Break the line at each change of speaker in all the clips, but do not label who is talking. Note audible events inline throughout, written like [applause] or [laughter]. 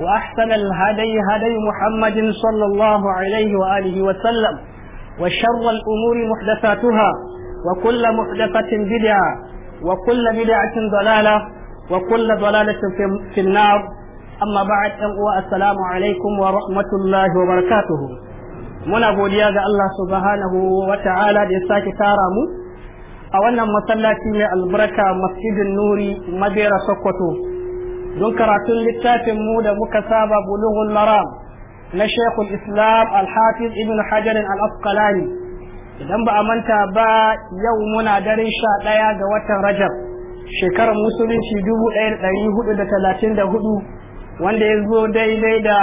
وأحسن الهدي هدي محمد صلى الله عليه وآله وسلم وشر الأمور محدثاتها وكل محدثة بدعة وكل بدعة ضلالة وكل ضلالة في, في النار أما بعد السلام عليكم ورحمة الله وبركاته muna godiya ga Allah subhanahu wa ta'ala da ya sake tara mu a wannan masallaci mai albarka masjidin nuri madera sokoto don karatun littafin mu da muka saba bulughul maram na shekul islam alhafiz ibn hajar al-asqalani idan ba a manta ba yau muna daren sha ɗaya ga watan rajab shekarar musulunci dubu ɗaya da ɗari hudu da talatin da hudu wanda ya zo daidai da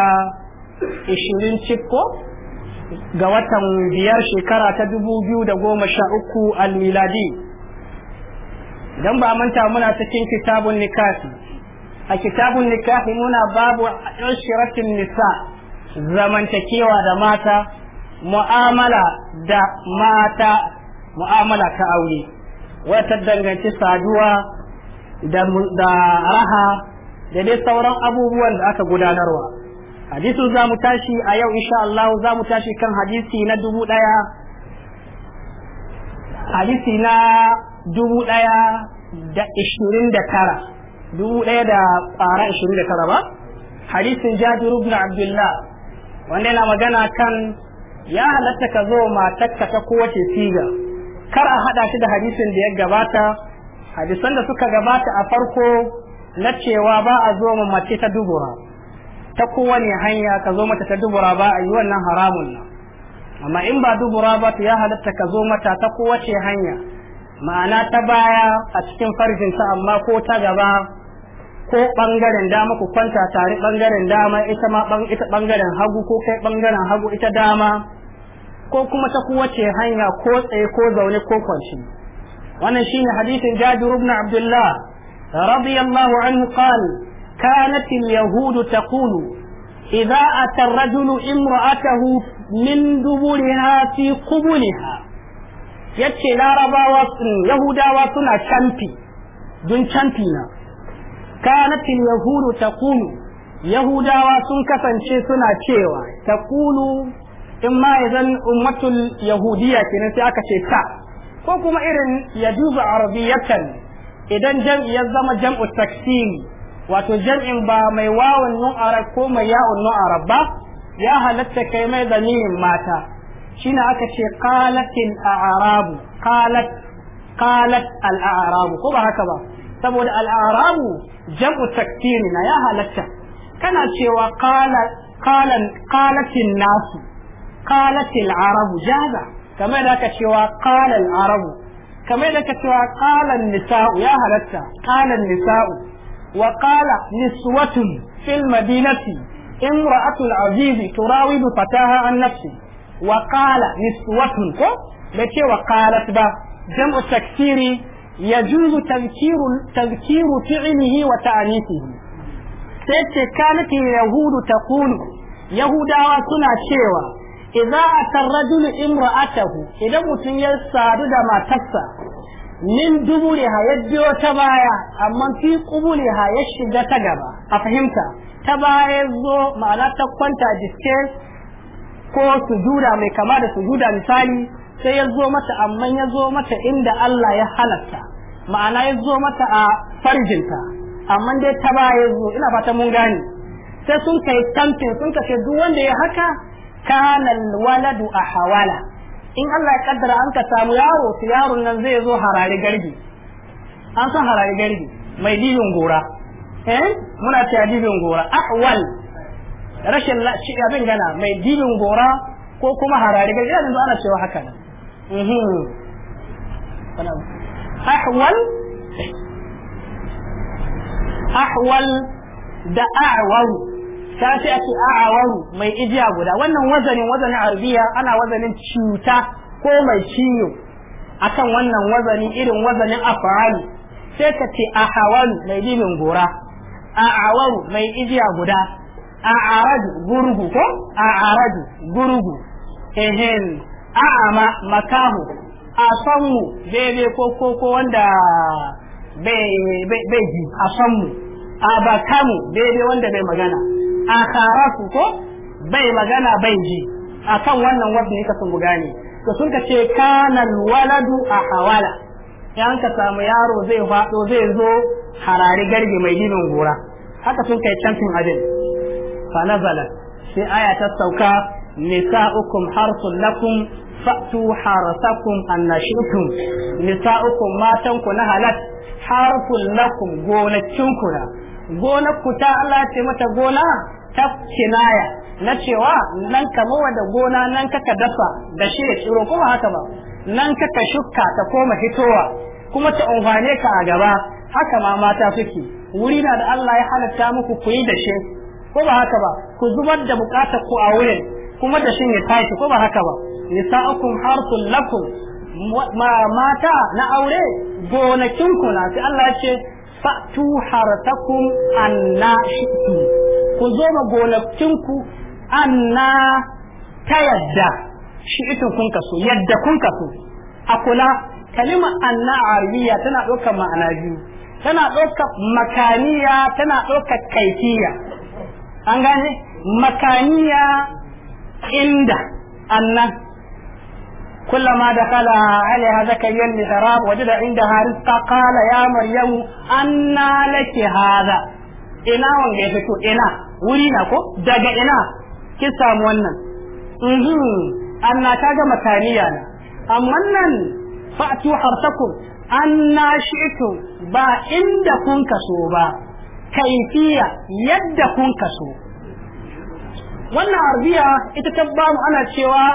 ishirin cikko ga watan biyar shekara ta dubu biyu da goma sha uku a miladi idan ba a manta muna cikin kitabun nikafi a kitabun nikahi muna babu shiratin nisa zamantakewa da mata mu'amala da mata mu'amala ta aure wata danganci saduwa da raha da dai sauran abubuwan da aka gudanarwa Hadisu za mu tashi a yau insha Allah za mu tashi kan hadisi na dubu ɗaya hadisi na dubu daya da ishirin da tara dubu ɗaya da ƙara ashirin da tara ba hadisin jabiru ibn abdullah wanda yana magana kan ya halatta ka zo matakka ta kowace siga kar a haɗa shi da hadisin da ya gabata hadisan da suka gabata a farko na cewa ba a zo ma mace ta dubura ta kowane hanya ka zo mata ta dubura ba a yi wannan haramun nan amma in ba dubura ba ya halatta ka zo mata ta kowace hanya ma'ana ta baya a cikin farjinta amma ko ta gaba ko bangaren dama ku kwanta tare bangaren dama ita ma ita bangaren hagu ko kai bangaren hagu ita dama ko kuma ta kowace hanya ko tsaye ko zaune ko kwanci wannan shine hadisin Jabir ibn Abdullah radiyallahu anhu al-yahud taqulu idha ata ar-rajulu imra'atahu min duburiha fi qubuliha yace larabawa sun yahudawa suna champi dun canfi na kanat yahudu taqulu yahudawa sun kasance suna cewa taqulu in ma idan ummatul yahudiyya kenan sai aka ce ta ko kuma irin yajuzu arabiyatan idan jam'i ya zama jam'u taksimi wato jam'in ba mai wawan ko mai yawon arab ba ya halatta kai mai zamirin mata shine aka ce qalatil a'rabu qalat qalat al a'rabu ko ba haka ba saboda al'arabu jam'u takfiri na ya halatta kana cewa qala qalan qalatin nasu qalatil arabu jaza kamar da ka cewa qala al arabu kamar da ka cewa qala an nisa'u ya halatta qala an nisa'u wa qala niswatun fil madinati imra'atu al azizi turawidu fataha an nafsi wa qala niswatun ko da cewa qalat ba jam'u takfiri يجوز تذكير تذكير فعله وتعنيفه تتي كانت اليهود تقول يهودا سنا شيوا إذا أتى الرجل امرأته إذا متن يسعد دما تسا من دبولها يدي وتبايا أما في قبولها يشجى تجبا أفهمت تبايا الزو معناتها كنت جسكيل كو سجودا mai kama da sujuda sai ya zo mata amma ya zo mata inda Allah ya halatta ma'ana ya zo mata a farjinta amma dai ta ba ya zo ina fata mun gane sai sun kai tantin sun kai duk wanda ya haka kana waladu a hawala in Allah ya kaddara an ka samu yaro su yaron nan zai zo harare gargi an san harare gargi mai dibin gora eh muna ta dibin gora ahwal rashin abin gana mai dibin gora ko kuma harare gargi yanzu ana cewa haka ahwal ahwal da awaru ta ce ake awaru mai ijiya guda wannan wazanin wazanin arabiya ana wazanin cuta ko mai ciwo akan wannan wazani irin wazanin afa'alu sai ka ce ahawal mai libin gora a'awaru mai ijiya guda a'aradu gurgu ko a'aradu gurgu ehen a'ama makahu a sanmu bebe ko ko ko wanda bai ji a sanmu a bakamu bebe wanda bai magana a karaku ko bai magana bai ji a kan wannan wasu ne ka sun gane to sun ka ce kanan waladu a hawala yan ka samu yaro zai faɗo zai zo harari garbi mai ginin gora haka sun kai cancin abin fa nazala sai aya ta sauka nisa'ukum harsun lakum fa'tu harasakum annashitum nisa'ukum matan ku na halat harsun lakum gonakin ku na gonar ku ta Allah ce mata gona ta kinaya na cewa nan kama da gona nan kaka dafa da shi ya tsiro kuma haka ba nan kaka shukka ta koma hitowa kuma ta amfane ka a gaba haka ma mata suke wuri na da Allah ya halatta muku ku yi da shi ko ba haka ba ku zubar da bukatar ku a wurin kuma da shin ya tashi ko ba haka ba nisa'ukum harsul lakum mata na aure gonakin ku na sai Allah ce fa'tu hartakum anna shi ku zo ma gonakin ku anna ta yadda shi shi'tu kun kaso yadda kun kaso a kula kalima anna arabiya tana ɗaukar ma'ana biyu tana ɗaukar makaniya tana ɗaukar kaifiya an gane makaniya inda anna kullama da kala alai ha zakai yan ni sarab da inda har ta kala ya maryam anna laki hada ina wange ko ina wuri ko daga ina ki samu wannan mhm anna ta gama mataniya na amma nan fa tu anna shi to ba inda kun kaso ba kaifiya yadda kun kaso wannan arziya ita ta mu ana cewa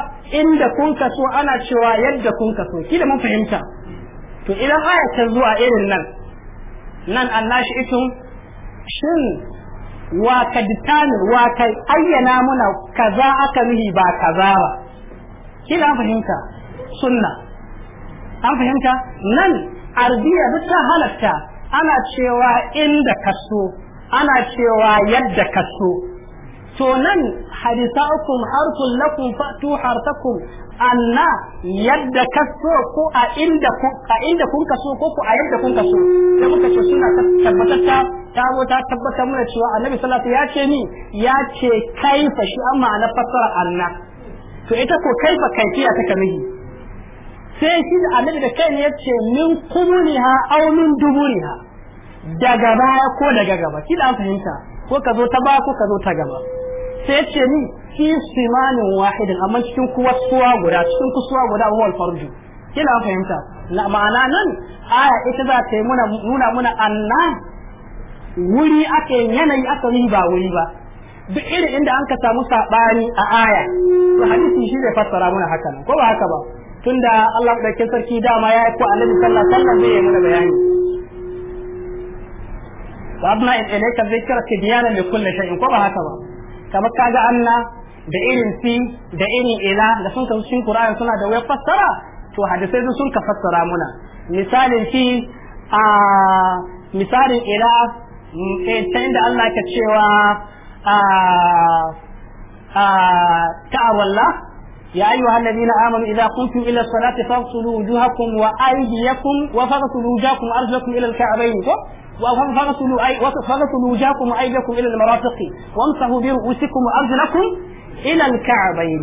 inda kun kaso ana cewa yadda kun kaso kila mun fahimta to idan aya ta zuwa irin nan nan annashi itun shin wa ka ditani wa ka ayyana muna kaza aka nuhi ba kaza ba kila an fahimta sunna an fahimta nan arziya duk ta halatta ana cewa inda kaso ana cewa yadda kaso to nan hadisa'ukum harsun lakum fatu harsakum anna yadda kaso ko a inda ku a inda kun kaso ko ku a yadda kun kaso da muka ce suna tabbatar ta ta zo ta tabbatar mana cewa annabi sallallahu ya ce ni ya ce kaifa shi amma ana fassara anna to ita ko kaifa kaifiya ta miji sai shi da annabi da kai ne ya ce min kumuniha aw min duburiha daga baya ko daga gaba kida fahimta ko ka zo ta ba ko ka zo ta gaba sai ce ni fi simanin wahidin amma cikin suwa guda cikin kusuwa guda wa farju kina fahimta na ma'ana nan aya ita za ta yi muna nuna muna anna wuri ake yanayi aka yi ba wuri ba duk irin inda an ka samu sabani a aya to hadisi shi zai fassara muna haka ko ba haka ba tunda Allah ɗauke sarki dama ya yi ko annabi sallallahu alaihi wasallam zai yi muna bayani diyana إليك الذكر shay'in ko ba haka ba? kamar ga anna da irin fi da irin ila da sun kasu cikin Qur'ani suna da wayar fassara to hadisai sun sun ka fassara muna misalin fi a misalin ila mm, eh, ta inda Allah ka cewa a a ta'awalla يا أيها الذين آمنوا إذا قمتم إلى الصلاة فاغسلوا وجوهكم wa وفاغسلوا وجوهكم وأرجلكم إلى الكعبين فاغسلوا أي فاغسلوا وجهكم وأيديكم إلى المرافق وامسحوا برؤوسكم وأرجلكم إلى الكعبين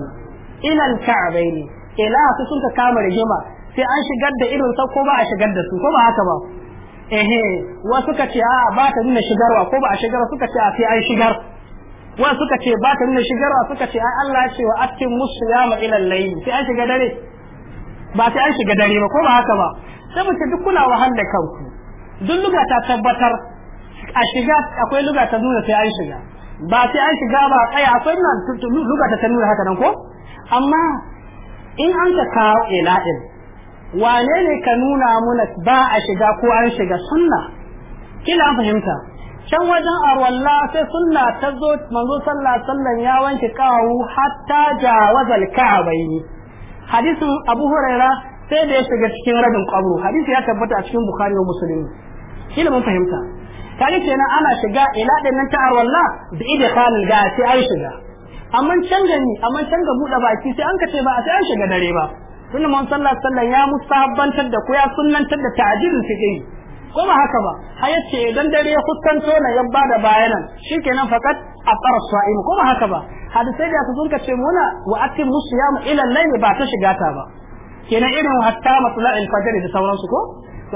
إلى الكعبين إلى سنك كامل جمع sai an shigar da irin sau ko ba a shigar da su ko ba haka ba ehe wasu suka ce a ba ta nuna shigarwa ko ba a shigar suka ce a sai an shigar wasu suka ce ba ta nuna shigarwa suka ce ai Allah ce wa atkin musu ya ma ilal layl sai an shiga dare ba sai an shiga dare ba ko ba haka ba Saboda duk kuna wahal da kanku duk luga ta tabbatar a shiga akwai luga ta nuna sai an shiga ba sai an shiga ba tsaya akwai nan luga ta nuna haka nan ko amma in an ka kawo ila'il wane ne ka nuna muna ba a shiga ko an shiga sunna kila an fahimta can wajen arwalla sai sunna ta zo manzo sallah sallan ya wanke kawu hatta wazal ka'abai hadisin abu huraira sai da ya shiga cikin rabin qabru hadisi ya tabbata a cikin bukhari wa muslim kila mun fahimta kage kenan ana shiga ila din nan ta arwalla bi idkhalil ga sai an shiga amma can gani amma can ga buɗe baki sai an kace ba sai an shiga dare ba tunda mun sallah sallan ya mustahabbantar da ku ya sunnantar da ta'jirin fiqi ko ba haka ba hayace idan dare ya kuskanto na ya da bayanan shikenan fakat afar sa'im ko haka ba hadisai da su sunka ce muna wa atim musiyam ila layl ba ta shiga ta ba kenan irin hatta matla'il fajr da sauransu ko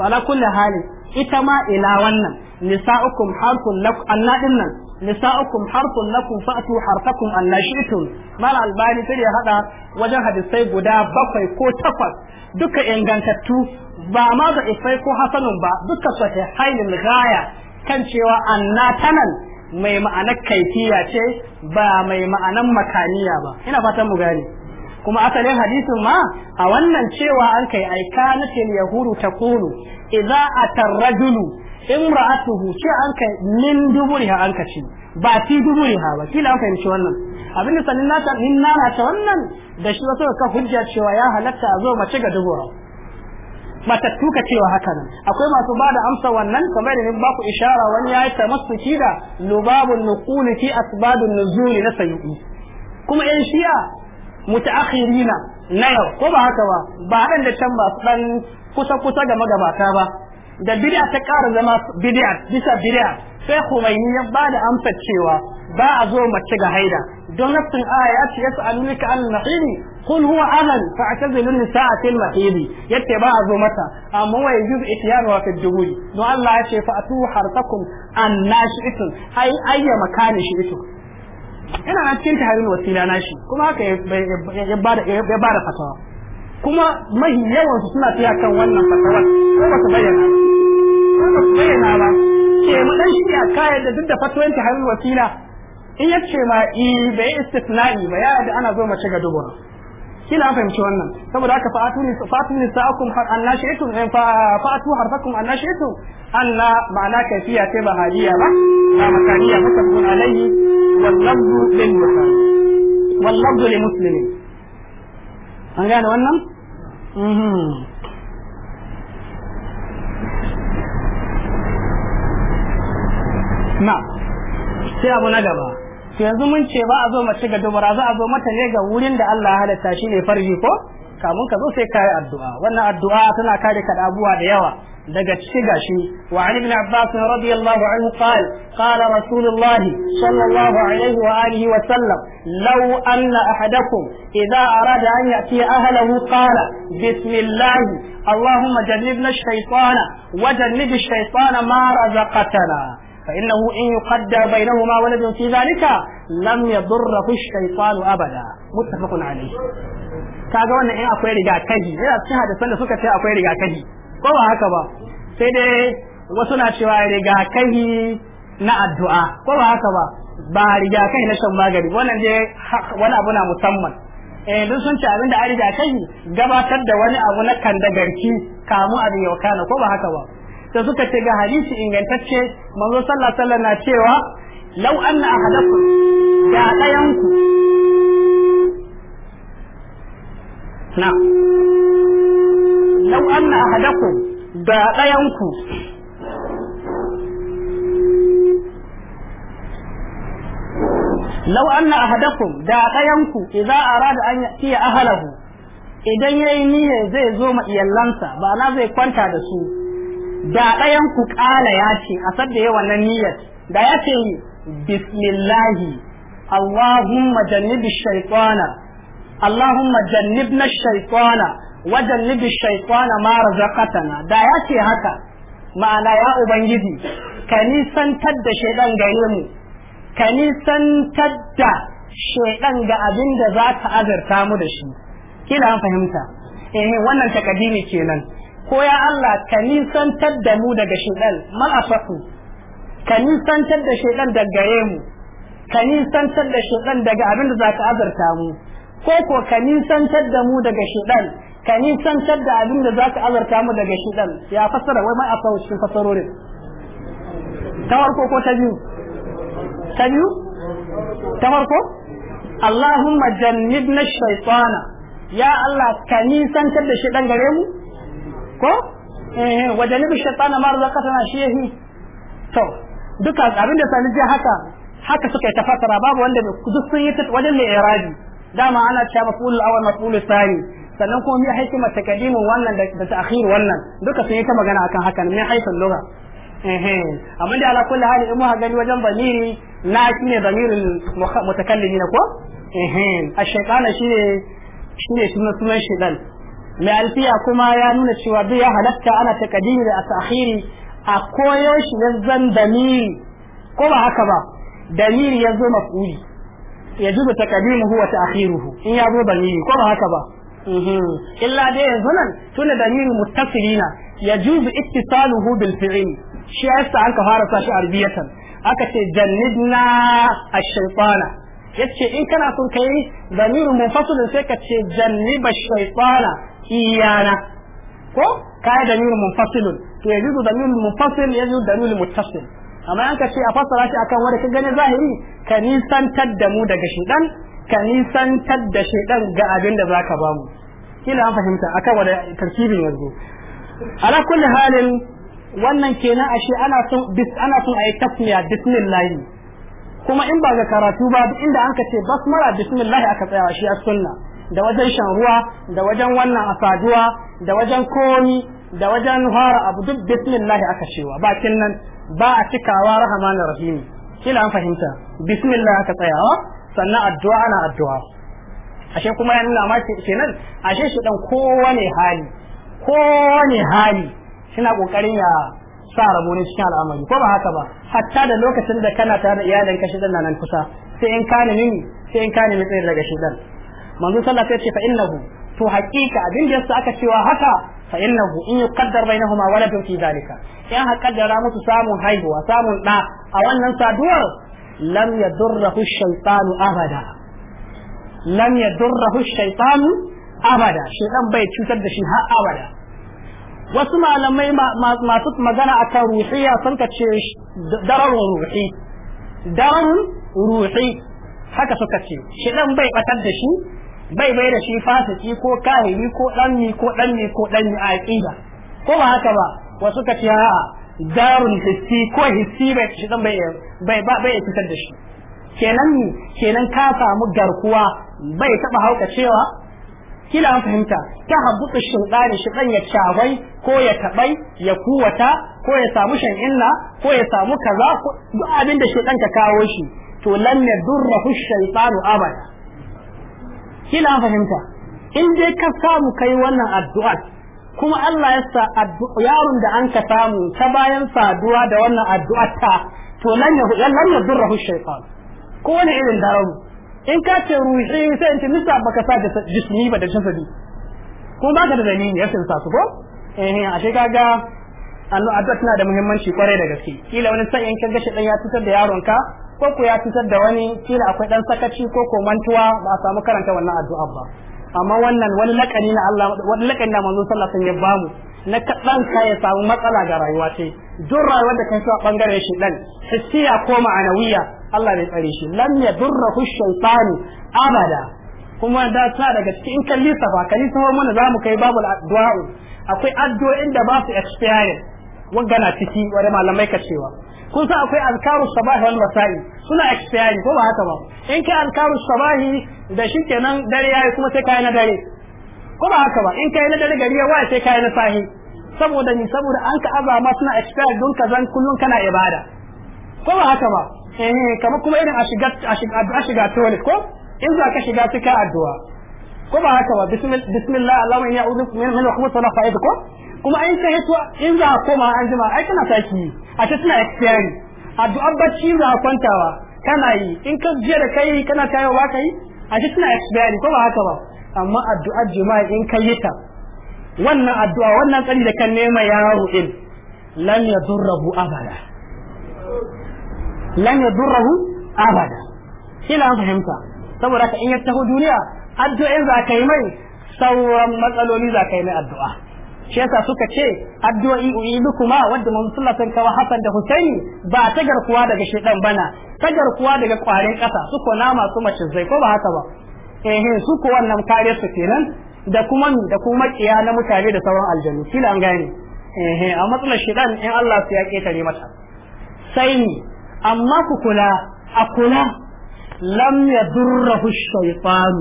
to ala kulli hali ita ma ila wannan nisa'ukum harfun lakum anna dinnan nisa'ukum harfun lakum fa'tu harfakum anna shi'tum mal albani sai ya hada wajen hadisai guda bakwai ko takwas duka ingantattu ba ma da isai ko hasanun ba duka sahihain gaya kan cewa anna tanan mai ma'anar kaifiya ce ba mai ma'anar makaniya ba ina fatan mu gane kuma asalin hadisin ma a wannan cewa an kai na kanatil yahudu taqulu idza atarrajulu imra'atuhu ce an kai min duburiha an kace ba fi duburiha ba kila an fahimci wannan abinda sanin nata min nana ta wannan da shi wasu ka hujja cewa ya halatta a zo mace ga dubura mata tuka cewa haka nan akwai masu ba da amsa wannan kamar da ba ku ishara wani ya yi tamassuki da lubabun nuquli fi asbabun nuzuli na sayyidi kuma yan shi'a mutaakhirina na yau ko ba haka ba ba haɗin da can ba ɗan kusa kusa da magabata ba da bid'a ta ƙara zama bid'a bisa bid'a sai Khomeini ya ba da cewa ba a zo mace ga haida don nafsin aya ya ce yasu alulika al mahidi kun huwa anan fa atazilu nisaa fil mahidi yace ba a zo mata amma wai yuz itiyanu wa fil don Allah ya ce fa atu hartakum an nashi'itun ay ayya makani shi'itun Ina na cikin taharin wasila na shi kuma haka ya bada ya fatawa kuma mahi yawan su suna tsaya kan wannan fatawa ko ba su bayyana ko ba su bayyana ba ke mu dan shi ya kai da duk da fatawa taharin wasila in ya ce ma i eh, bai istisna'i ba ya da ana zo mace ga dubura kila an fahimci wannan saboda haka fa'atuni fa'atuni sa'akum har an nashi'tum in eh, fa'atu harfakum an nashi'tum anna ma'ana kaifiya ce ba hadiya ba ba ta mutabun alaihi واللفظ للبخاري واللفظ لمسلم sai abu na gaba yanzu mun ce ba a zo mace ga dubara za a zo mata ne ga wurin da Allah ya halatta shi ne farji ko kamun ka zo sai kayi addu'a wannan addu'a tana kare ka da abubuwa da yawa daga ciki gashi wa an ibn abbas radiyallahu anhu qal qala rasulullah sallallahu alaihi wa alihi wa sallam law anna ahadakum idza arada an yati ahlihi qala bismillah allahumma jannibna ash-shaytana ya jannib ash ma فإنه إن يقدر بينهما ولد في ذلك لم يضره الشيطان أبدا متفق عليه kaga wannan in akwai rigakafi yana cikin hadisan da suka ce akwai rigakafi ko ba haka ba sai dai wasu na cewa rigakafi na addu'a ko ba haka ba ba rigakafi na shan magani wannan dai wani abu na musamman eh duk sun ce abin da an rigakafi gabatar da wani abu na garki kamu abin yau kana ko ba haka ba sai suka ce ga hadisi ingantacce manzo sallallahu alaihi wasallam na cewa law anna ahadakum da dayanku na lau an ahadakum da ɗayanku lau an ahadakum da ɗayanku idan arada an yatiya ahalahu idan yi niyyar zai zo ma iyalansa ba na zai kwanta da su da ku ƙala ya ce a sadda yawan na niyyar da ya ce bismillahi Allahumma jannibi shaytana Allahumma jannibna shaytana wajen libi shaitana ma razaqatana da ya ce haka ma'ana ya ubangiji ka nisantar da shaidan gare mu ka nisantar da shaidan ga abin da za ka azarta mu da shi kila fahimta eh wannan takadimi kenan ko ya Allah ka nisantar da mu daga shaidan mal afaku ka nisantar da shaidan daga gare mu ka nisantar da shaidan daga abin da za ka azarta mu ko ko ka nisantar da mu daga shaidan ka san da abin da zaka azarta mu daga shi dan ya fassara wai mai asawo cikin fassarorin ta farko ko ta biyu ta biyu ta farko Allahumma jannibna shaytana ya Allah ka san da shi dan gare mu ko eh wa jannibi shaytana ma razaqatana shi yahi to duka abin da sani haka haka suka yi ta fassara babu wanda duk sun yi wajen mai iradi dama ana cewa mafulul awal mafulul thani sannan kuma mai mata takadimin wannan da ta'khir wannan duka sun yi ta magana akan hakan mai haifin lura amma da ala kulli hali in muka gani wajen bamiri na shine zamirin mutakallimi ko a shaytana shine shine sunan sunan shaytan mai alfiya kuma ya nuna cewa duk ya halatta ana takadimi da akhiri a koyo shi zan bamiri ko ba haka ba damiri ya zo mafuli ya takadimu huwa ta akhiruhu in ya zo bamiri ko ba haka ba Mhm. illa dai yanzu nan tunda da mutasirina ya yajuzu ittisaluhu bil fi'il shi yasa an ka fara sa shi arbiyatan aka ce jannidna ash-shaytana yace in kana son kai zamir munfasil sai ka ce janniba shaytana iyana ko kai zamir munfasil to ya yajuzu zamir ya yajuzu zamir muttasil amma an ka ce a fassara shi akan wanda ka gane zahiri ka nisantar da mu daga shi dan ka nisantar da shaidan ga abin da za ka ba mu kila an fahimta akan wani tarkibin yanzu ala kulli halin wannan kenan ashe ana son bis ana son ayi tasmiya bismillah kuma in ba ga karatu ba inda an ka ce basmala bismillah aka tsaya shi a sunna da wajen shan ruwa da wajen wannan asaduwa da wajen komi da wajen fara abu duk bismillah aka cewa bakin nan ba a cikawa rahmanin rahimi kila an fahimta bismillah aka tsayawa sannan addu'a ana addu'a ashe kuma ya nuna ma kenan ashe shi dan kowane hali kowane hali suna kokarin ya sa rabo cikin al'amari ko ba haka ba hatta da lokacin da kana tare da iyalin ka shidan nan kusa sai in ka nemi sai in ka nemi tsayin daga shidan manzo sallallahu alaihi wasallam ya ce fa innahu to haƙiƙa abin da yasa aka cewa haka fa innahu in yuqaddar bainahuma waladun fi zalika in haƙaddara musu samun haihuwa samun da a wannan saduwar lam yadurruhu shaytanu abada lam yadurruhu shaytanu abada shaytan bai cutar da shi har abada wasu malamai masu magana akan ruhiyya sun ka ce dararun ruhi dararun ruhi haka suka ce shi shaytan bai batar da shi bai bai da shi fasiki ko kahiri ko danni ko danni ko danni a aqida ko ba haka ba wasu ka ce a'a darun hissi ko hissi bai shi dan bai bai bai fitar da shi kenan kenan ka samu garkuwa bai taba hauka cewa kila an fahimta ta habbutu shi dan ya cawai ko ya tabai ya kuwata ko ya samu shan inna ko ya samu kaza duk abin da shaytan ka kawo shi to durra hu shaytan abada kila an fahimta in dai ka samu kai wannan addu'a kuma Allah ya sa yaron da an ka samu ta bayan saduwa da wannan addu'a ta to lan ya lan ya durrahu shaytan ko wani irin daramu in ka ce ruhi sai in ce nisa baka sa da jismi ba da jasadi ko ba ka da dalili ya sa su ko eh a sai kaga annu addu'a tana da muhimmanci kwarai da gaske kila wani sai in ka shi dan ya tutar da yaron ka ko ku ya tutar da wani kila akwai dan sakaci ko ko mantuwa ba a samu karanta wannan addu'a ba amma wannan wani lakani na Allah wani lakani na manzo sallallahu alaihi wasallam ya bamu na kadan ka ya samu matsala ga rayuwa ce duk rayuwar da kai a bangaren shi dan hissiya ko ma'anawiya Allah bai tsare shi lam yadurruhu shaytanu abada kuma da ta daga cikin kalli safa kalli safa mana zamu kai babu addu'a akwai addu'o'in da ba su expire wangana ciki wani malamai ka cewa kun san akwai azkaru sabah wal masa'i suna expiring ko ba haka ba in kai Alkarus sabahi da shi kenan dare yayi kuma sai kai na dare ko ba haka ba in kai na dare gari ya sai kai na sahi saboda ni saboda an ka aba ma suna expire don ka zan kullun kana ibada ko ba haka ba eh kamar kuma irin a shiga a shiga toilet ko in za ka shiga sai ka addu'a ko ba haka ba bismillah allahumma inni a'udhu min min khubuthi wa ko kuma in ka hito in za ka koma an jima ai kana saki a ta suna expiring addu'ar bacci za a kwantawa kana yi in ka jiya da kai kana tayo ba yi a shi tana expire ko ba haka ba amma addu'ar jima'i in yi ta wannan addu'a wannan tsari da kan nema yaro din lan yadurruhu abada lan yadurruhu abada kila an fahimta saboda ka in ya taho duniya addu'a za ka yi mai sauran matsaloli za ka yi mai addu'a shi yasa suka ce addu'o'i uyi kuma wanda mun sallallahu san kawa Hassan da Husaini ba ta garkuwa daga shedan bana ta garkuwa daga kwarin kasa su ko nama su mace zai ko ba haka ba eh su ko wannan kare su kenan da kuma da kuma kiya na mutane da sauran aljanu kila an gane eh a matsalar shedan in Allah su ya ketare mata sai ni amma ku kula a kula lam yadurruhu shaytan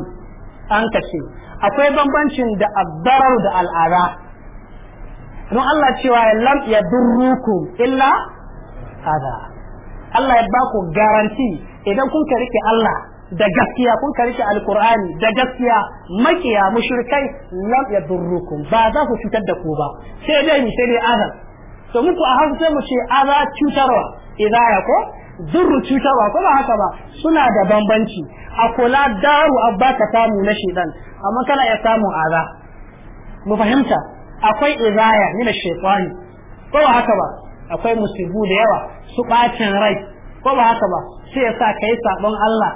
an kace akwai bambancin da abdarar da al'ada. don Allah cewa lam durruku illa hada Allah ya ba ku garanti idan kun ka Allah da gaskiya kun ka rike da gaskiya makiya mushrikai lam durruku ba za ku cutar da ku ba sai dai ni sai dai azab to muku a hausa mu ce aza cutarwa ya ko durru cutarwa ko ba haka ba suna da bambanci a kula daru abba ka samu na shedan amma kana ya samu aza mu fahimta akwai izaya mina shekwani ko ba haka ba akwai musibu da yawa su ɓacin rai ko ba haka ba sai ya sa kai sabon Allah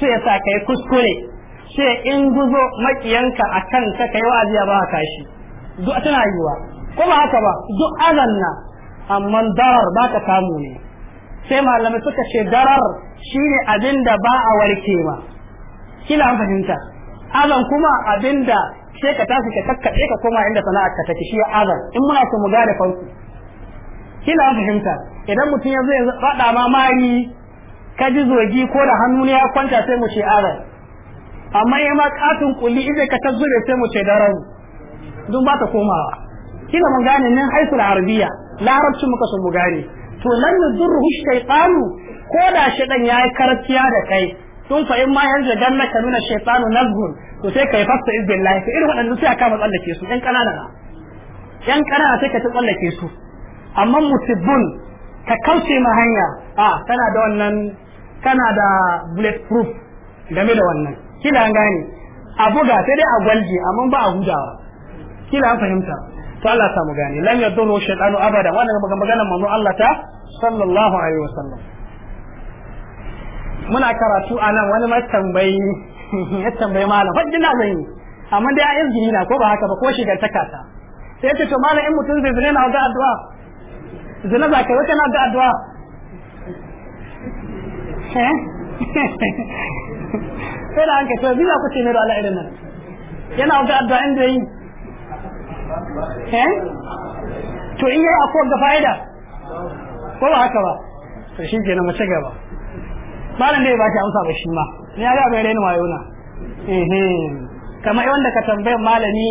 sai ya sa kai kuskure sai in guzo makiyanka akan ka kai wa'azi ba ka shi duk tana yiwa ko ba haka ba duk azanna amma darar ba ka samu ne sai malamai suka ce darar shine abinda ba a warke ma kila an fahimta azan kuma abinda sai ka tashi ka kakkaɗe ka koma inda sana'ar ka take shi ya azar in muna so mu gane farko kina fahimta idan mutum ya zo faɗa ma mari ka ji zogi ko da hannu ne ya kwanta sai mu ce azar amma ya ma katin kulli idan ka ta zube sai mu ce darar duk ba ta komawa kina mun gane nan haisul arabiya larabci muka so mu gane to lan nudurruhu shaytanu ko da shedan yayi karatiya da kai tun fa in ma yarda dan na kanuna shaytanu nazgun to sai kai fasta izbillahi Sai irin waɗannan sai aka kama tsallake su ɗan ƙanana na ɗan ƙanana sai ka tsallake su amma musibbun ka kauce ma hanya a kana da wannan kana da bulletproof game da wannan kila an gane a buga sai dai a gwalje amma ba a gudawa kila an fahimta to Allah ta mu gane lan yadullu shaytanu abada wannan magana manzo Allah ta sallallahu alaihi wasallam muna karatu a nan wani mai tambayi ya tambayi malam hajji na zan yi amma dai ayin gini na ko ba haka ba ko shigar ta kasa sai ce to malam in mutum zai zina na da addu'a zina za ka wata na da addu'a eh? [laughs] sai da hanka to biza ku ce mai da irin nan yana da addu'a inda yi eh? to in yi akwai ga fa'ida ko ba haka ba to shi ke na mace gaba malam da ya bashi amsa ba shi ma ni ya ga bai raina wayo na kamar wanda ka tambayar malami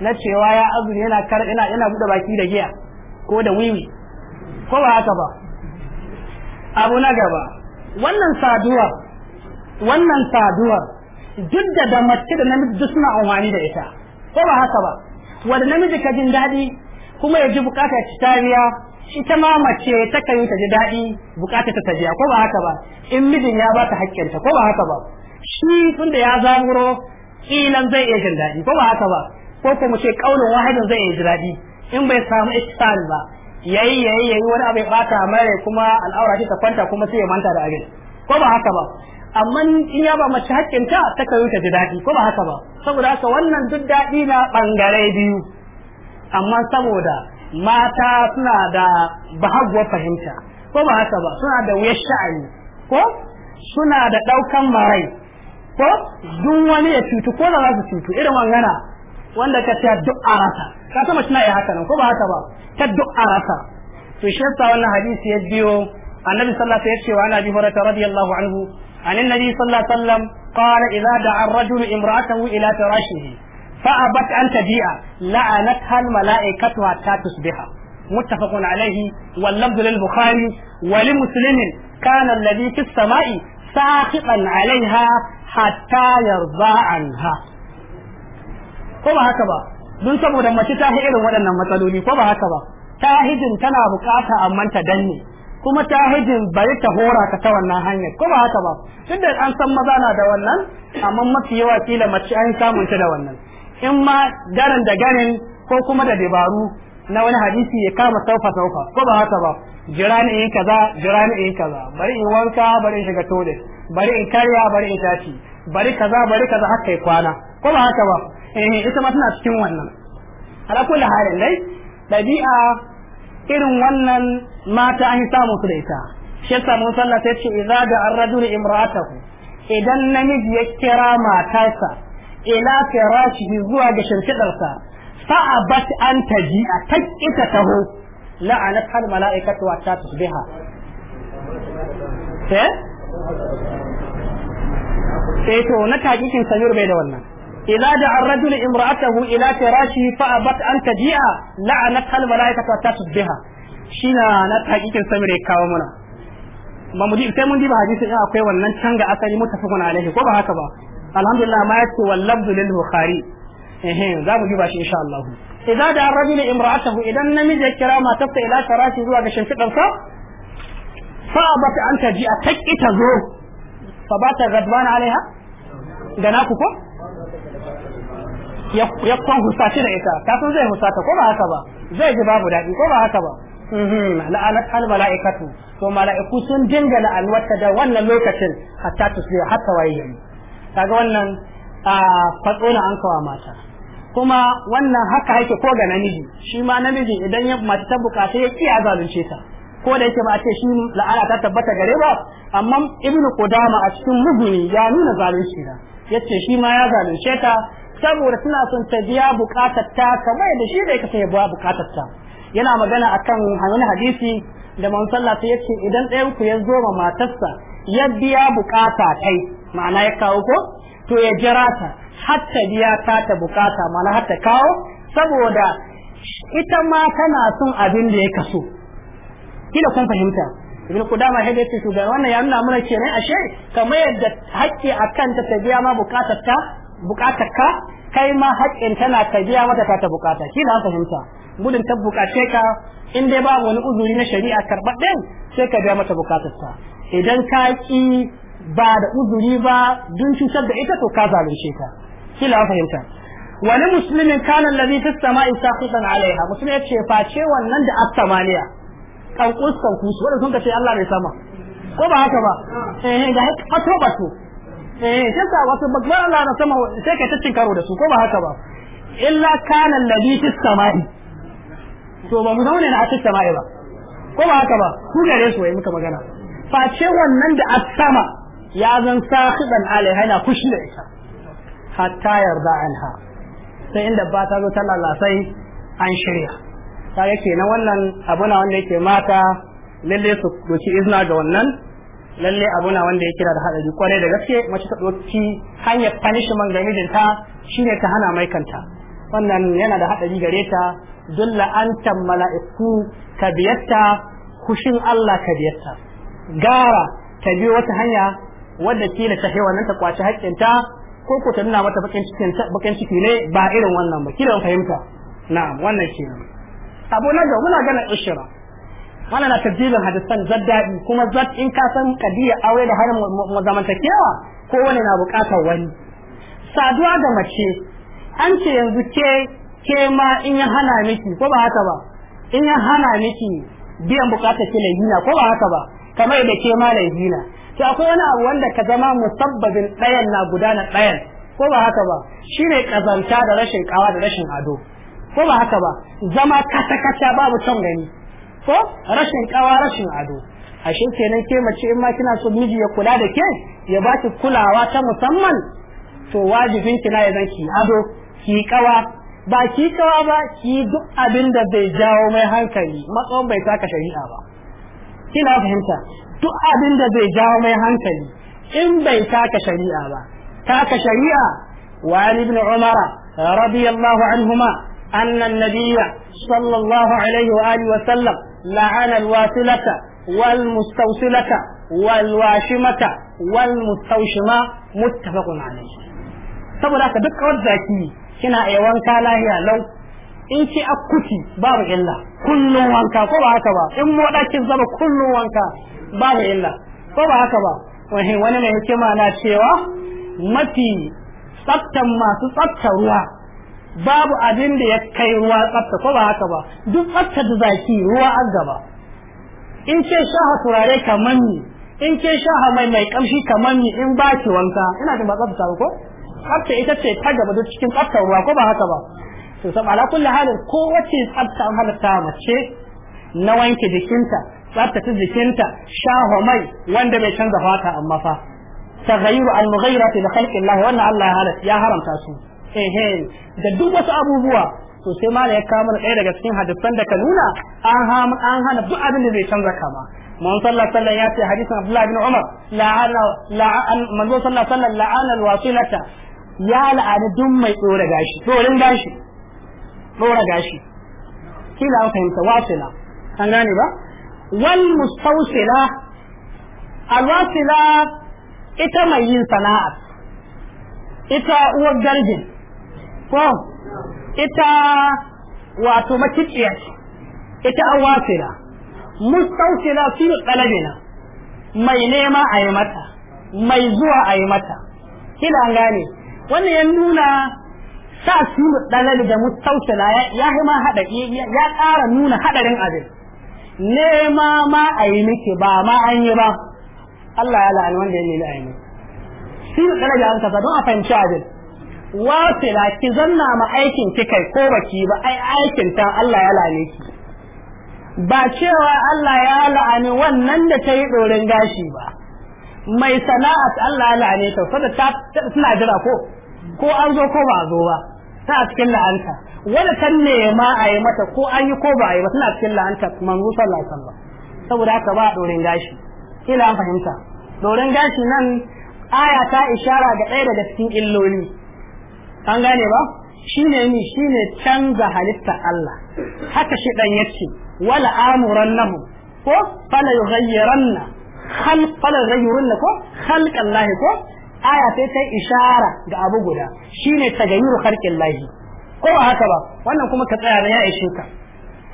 na cewa ya azumi yana kar ina ina bude baki da giya ko da wiwi ko ba haka ba abu na gaba wannan saduwa wannan saduwar duk da da mace da namiji duk suna amfani da ita ko ba haka ba wanda namiji ka jin daɗi kuma ya ji bukata ci tariya ita ma mace takan ta ji daɗi bukata ta tabiya ko ba haka ba in mijin ya ba ta haƙƙinta ko ba haka ba shi tunda ya zamuro ilan zai iya jin daɗi ko ba haka ba ko kuma ce ƙaunin wahidin zai iya jin daɗi in bai samu ihsan ba yayi yayi yayi wani abu ya bata mare kuma al'aura ta kwanta kuma sai ya manta da abin ko ba haka ba amma in ya ba mace haƙƙinta ta kayu ta ji daɗi ko ba haka ba saboda haka wannan duk daɗi na ɓangare biyu amma saboda mata suna da bahaguwar fahimta ko ba haka ba suna da wuyar sha'ani ko suna da ɗaukan marai ko duk wani ya cutu ko da za su cutu irin wangana wanda ka ta duk a rasa ka ta mace na haka nan ko ba haka ba ta duk a rasa to shi yasa wannan hadisi ya biyo annabi sallallahu alaihi wasallam ya ce wa radiyallahu anhu an annabi sallallahu alaihi wasallam qala فأبت أن تجيء لعنتها الملائكة حتى تصبح متفق عليه واللفظ للبخاري ولمسلم كان الذي في السماء ساخطا عليها حتى يرضى عنها كما هكذا don saboda mace ta yi irin waɗannan matsaloli ko ba haka ba tahijin tana bukata amma ta danne kuma tahijin bari ta hora ka ta wannan hanyar ko ba haka ba duk an san maza na da wannan amma mafi yawa kila mace an samun ta da wannan in ma garin da ganin ko kuma da dabaru na wani hadisi ya kama saufa saufa ko ba haka ba jira ni in kaza jira ni in kaza bari in wanka bari in shiga tole bari in karya bari in tashi bari kaza bari kaza har kai kwana ko ba haka ba eh ita ma tana cikin wannan ala kulli halin dai dabi'a irin wannan mata an samu su da ita shi yasa mun sallah sai ce idza da ar-rajulu imra'atahu idan namiji ya kira matarsa ila firashihi zuwa ga shimfidarsa fa'abat an taji'a takita taho la'anat hal mala'ikatu wa ta tusbiha eh eh to na takikin samir bai da wannan إذا دعا الرجل امرأته إلى فراشه فأبت أن تجيء لعنتها الملائكة وتسد بها شينا نتحقيق سمري كاومنا ما مدي sai mun diba hadisi ɗin akwai wannan canga asali mutafakun alaihi ko ba haka ba alhamdulillah ma yace wallabdu lil bukhari eh za mu ji ba shi insha Allah idza da rajulu imra'atahu idan namiji ya kira matarsa ila sharafi zuwa ga shimfidar sa fa abat an ji a taki ta zo fa ba ta gadban alaiha ga naku ko ya kwan husace da ita Ta san zai husata ko ba haka ba zai ji babu daɗi ko ba haka ba mhm, la'anat al mala'ikatu to mala'iku sun dinga la'anwata da wannan lokacin hatta tusbiha hatta waye kaga wannan fatso na an kawa mata kuma wannan haka yake ko ga namiji shi ma namiji idan ya mata ta bukata ya kiya zalunce ta ko da yake ba a ce shi la'ala ta tabbata gare ba amma ibnu qudama a cikin muguni ya nuna zalunci da yace shi ma ya zalunce ta saboda suna son ta biya bukatar ta kamar da shi da yake sai biya bukatar ta yana magana akan wani hadisi da man sallah sai yace idan ɗayan ku ya zo ma matarsa ya biya bukata kai ma'ana ya kawo ko to ya jira ta hatta biya ta ta bukata ma'ana hatta kawo saboda ita ma tana son abin da ya kaso kila kun fahimta ibn kudama hada ce su ga wannan ya nuna mana kenan ashe kamar yadda hakki akan ta biya ma bukatar ta bukatar ka kai ma haƙƙin tana ta biya mata ta ta bukata kila fahimta gudun ta bukace ka in dai babu wani uzuri na shari'a karɓar sai ka biya mata bukatar ta idan ka ki ba da uzuri ba dun cutar da ita to ka zalunce ta kila fahimta wani musulmin kanan ladhi fi sama'i saqitan alaiha musulmi ya ce face wannan da as-samaniya kankus kankus wanda sun ce Allah bai sama ko ba haka ba eh ga fato bato eh sai ka wasu bagbar Allah na sama sai ka tacin karo da su ko ba haka ba illa kanan ladhi fi sama'i to ba mu zaune na fi sama'i ba ko ba haka ba ku gare su wai muka magana face wannan da as ya zan kiɗan alaiha yana kushi da ita hatta yarda anha sai inda ba ta zo ta lalasai an shirya ta yake na wannan abuna wanda yake mata lalle su doki izina ga wannan lalle abuna wanda yake da hadari kwarai da gaske mace ta doki hanyar punishment ga mijinta shine ta hana mai kanta wannan yana da hadari gare ta an la'antar mala'iku ka biyarta kushin Allah ka biyarta gara ta biyo wata hanya Wanda ke na hewa nan ta kwaci haƙƙinta ko ko ta nuna mata bakin cikin bakin ciki ne ba irin wannan ba kiran fahimta na'am wannan kenan abu na gaba muna gana ishra mana na tajjibin hadisan zaddadi kuma zat in ka san kadiya aure da harin mazamantakewa ko wani na buƙatar wani saduwa da mace an ce yanzu ke ke ma in ya hana miki ko ba haka ba in ya hana miki biyan bukatar ke laihina ko ba haka ba kamar da ke ma to akwai wani abu wanda ka zama musabbabin ɗayan na gudana ɗayan ko ba haka ba shi ne kazanta da rashin ƙawa da rashin ado ko ba haka ba zama kasa kata babu son gani ko rashin ƙawa rashin ado ashe kenan ke mace in ma kina so miji ya kula da ke ya baki kulawa ta musamman to wajibin ki na ya zan ki ado ki kawa ba ki kawa ba ki duk abin da bai jawo mai hankali matsawon bai taka shari'a ba kina fahimta duk abin da zai jawo mai hankali in bai taka shari'a ba taka shari'a wa ibn umara radiyallahu anhuma anna an-nabiyya sallallahu alaihi wa alihi wa sallam la'ana al-wasilata wal mustawsilata wal washimata wal mustawshima muttafaqun alayhi saboda haka duk kawar zaki kina ai wanka lahiya lau in ce akuti babu illa kullun wanka ko ba haka ba in mu modakin zama kullun wanka babu illa ko ba haka ba wani wani mai hikima na cewa mafi tsaftan masu tsafta ruwa babu abin da ya kai ruwa tsafta ko ba haka ba duk tsafta da zaki ruwa an gaba in ce shaha turare kamar ni in ce shaha mai mai kamshi kamar ni in ba ki wanka ina da ba tsafta ko tsafta ita ce ta gaba duk cikin tsaftar ruwa ko ba haka ba to sab ala kulli halin ko wace tsafta an halatta mace na wanke jikinta ta jikinta sha homai wanda bai canza fata amma fa ta taghayru al-mughayrat li khalqi Allah wannan Allah ya haramta su eh da duk wasu abubuwa to sai ma ya kama ɗaya daga cikin hadisan da ka nuna an hana an hana duk abin da zai canza kama man sallallahu alaihi ya ce hadisan Abdullah ibn Umar la'ana la'an man sallallahu alaihi la'ana al-wasilata ya la'ana duk mai dora gashi dorin gashi dora gashi kila an fahimta wasila an gane ba wal الواصلة alwasila ita mai yin sana'a ita uwar garjin ko ita wato makiciya ita awasila mustawsila fi talabina mai nema a yi mata mai zuwa a yi mata ya nuna sa su da mustawsila ya ya hada ya ƙara nuna haɗarin abin nema ma a yi miki ba ma an yi ba Allah ya la'ani wanda ya nemi a yi miki shi da an kasa don a fahimci abin wasila ki zanna ma aikin ki kai ko baki ba ai aikin ta Allah ya la'ani ki ba cewa Allah ya la'ani wannan da ta yi ɗorin gashi ba mai sana'a Allah ya la'ani ta ta suna jira ko ko an zo ko ba zo ba ta a cikin la'anta wani ta nema a yi mata ko an yi ko ba a yi ba tana cikin la'anta manzo sallallahu alaihi wasallam saboda haka ba dorin gashi ina fahimta dorin gashi nan aya ta ishara ga ɗaya daga cikin illoli an gane ba shine ni shine canza halitta Allah haka shi dan yace wala amurannahum ko fala yughayyiranna خلق فلا يغيرن ko خلق الله aya sai ta ishara ga abu guda shine tagayyur kharqin lahi ko haka ba wannan kuma ka tsaya na ya ishe ka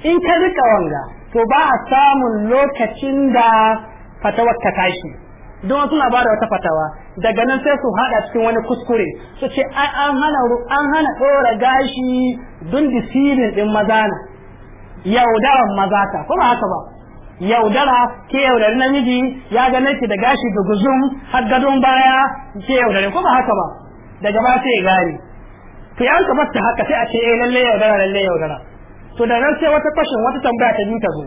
in ka rika wanga to ba a samun lokacin da fatawar ta tashi don wasu na bada wata fatawa daga nan sai su hada cikin wani kuskure su ce an hana an hana dora gashi don disirin din maza na yaudawan maza ta ko ba haka ba yaudara ke yaudari namiji ya gane ki da gashi da guzum har gadon baya ke yaudari ko ba haka ba daga ba sai gari to yan ka fata haka sai a ce eh lalle yaudara lalle yaudara to da nan sai wata kwashin wata tambaya ta bi ta zo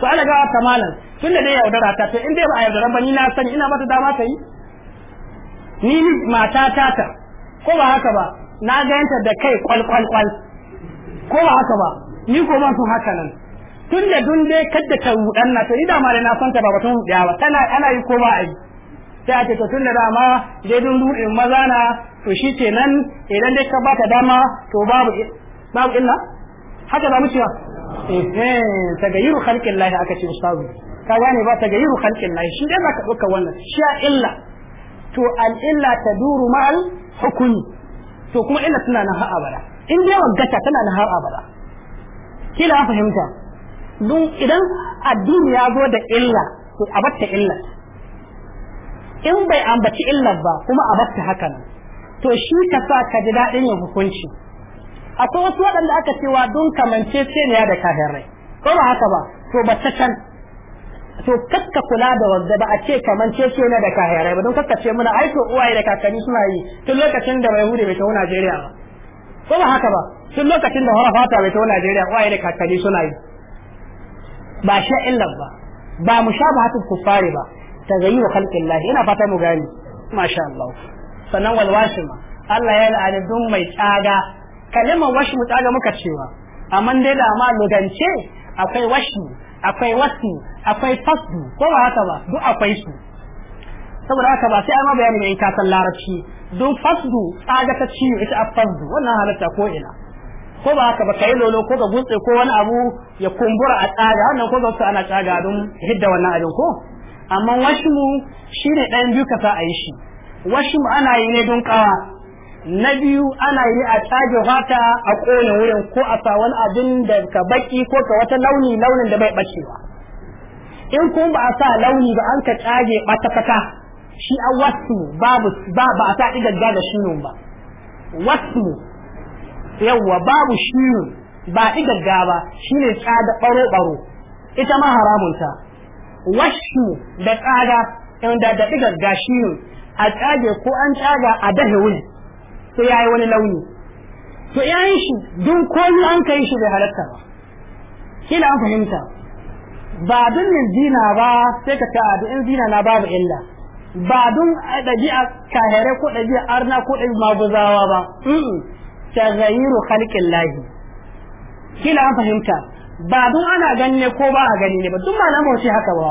to ana ga ta malam tun da dai yaudara ta to in dai ba a yaudara ba ni na sani ina mata dama ta yi ni mata ta ta ko ba haka ba na ganta da kai kwal kwal kwal ko ba haka ba ni ko ma sun haka nan tun da dun dai kadda ta rudan na to ni da ma na san ta ba batun rudiya ba tana ana yi koma yi. sai a ce to tun da dama dai dun rudin maza na to shi ce nan idan dai ka bata dama to babu babu illa haka za mu ci ce eh tagayyuru khalqillahi aka ce ustazu ka gane ba tagayyuru khalqillahi shi dai zaka dauka wannan shi ya illa to al illa taduru ma'al hukumi. to kuma illa tana na har abada in dai wagata tana nan har abada kila fahimta dun idan addini ya zo da illa to a batta illa in bai ambaci illar ba kuma a batta hakan to shi ka sa ka ji daɗin yin hukunci akwai wasu waɗanda aka cewa dun kamance ce ne da kafirai ko ba haka ba to ba ta can to kakka kula da wanda ba a ce kamance ce ne da kafirai ba don kakka ce muna ai to uwaye da kakanni suna yi tun lokacin da bai hude bai tawo Najeriya ba ko ba haka ba tun lokacin da Horafata bai tawo Najeriya uwaye da kakanni suna yi ba sha illa ba ba mushabahatul kuffari ba tagayyu khalqillah ina fata mu gani masha Allah sannan wal washima Allah ya la'ani dun mai tsaga kalimar washimu tsaga muka cewa amma dai da ma lugance akwai washi akwai wasu akwai fasdu ko ba haka ba duk akwai su saboda haka ba sai an bayani mai kasan larabci don fasdu tsaga ta ciwo ita a fasdu wannan halatta ko ina ko ba haka ba kai lolo ko ga gutse ko wani abu ya kumbura a tsaga wannan ko ga ana tsaga don hidda wannan abin ko amma washmu shine dan biyu ka sa a yi shi washmu ana yi ne don kawa na biyu ana yi a tsage fata a kone wurin ko a sa wani abin da ka baki ko ka wata launi launin da bai bacewa in kun ba a sa launi ba an ka tsage ɓata shi a wasu babu ba ba a sa ɗiga da shi ba wasu yawwa babu shiru ba ɗigagga ba shine tsada baro baro ita ma haramunta washu da tsada inda da shi ne a tsage ko an tsaga a dahe wuni sai yayi wani launi to yayin shi dun komi an kai shi bai halatta ba kila an fahimta ba dun zina ba sai ka ta in zina na babu illa ba don a kahere ko a arna ko ɗabi'a maguzawa ba taghayyiru khalqillahi kila an fahimta ba don ana gani ko ba a gani ne ba duk ma namu shi haka ba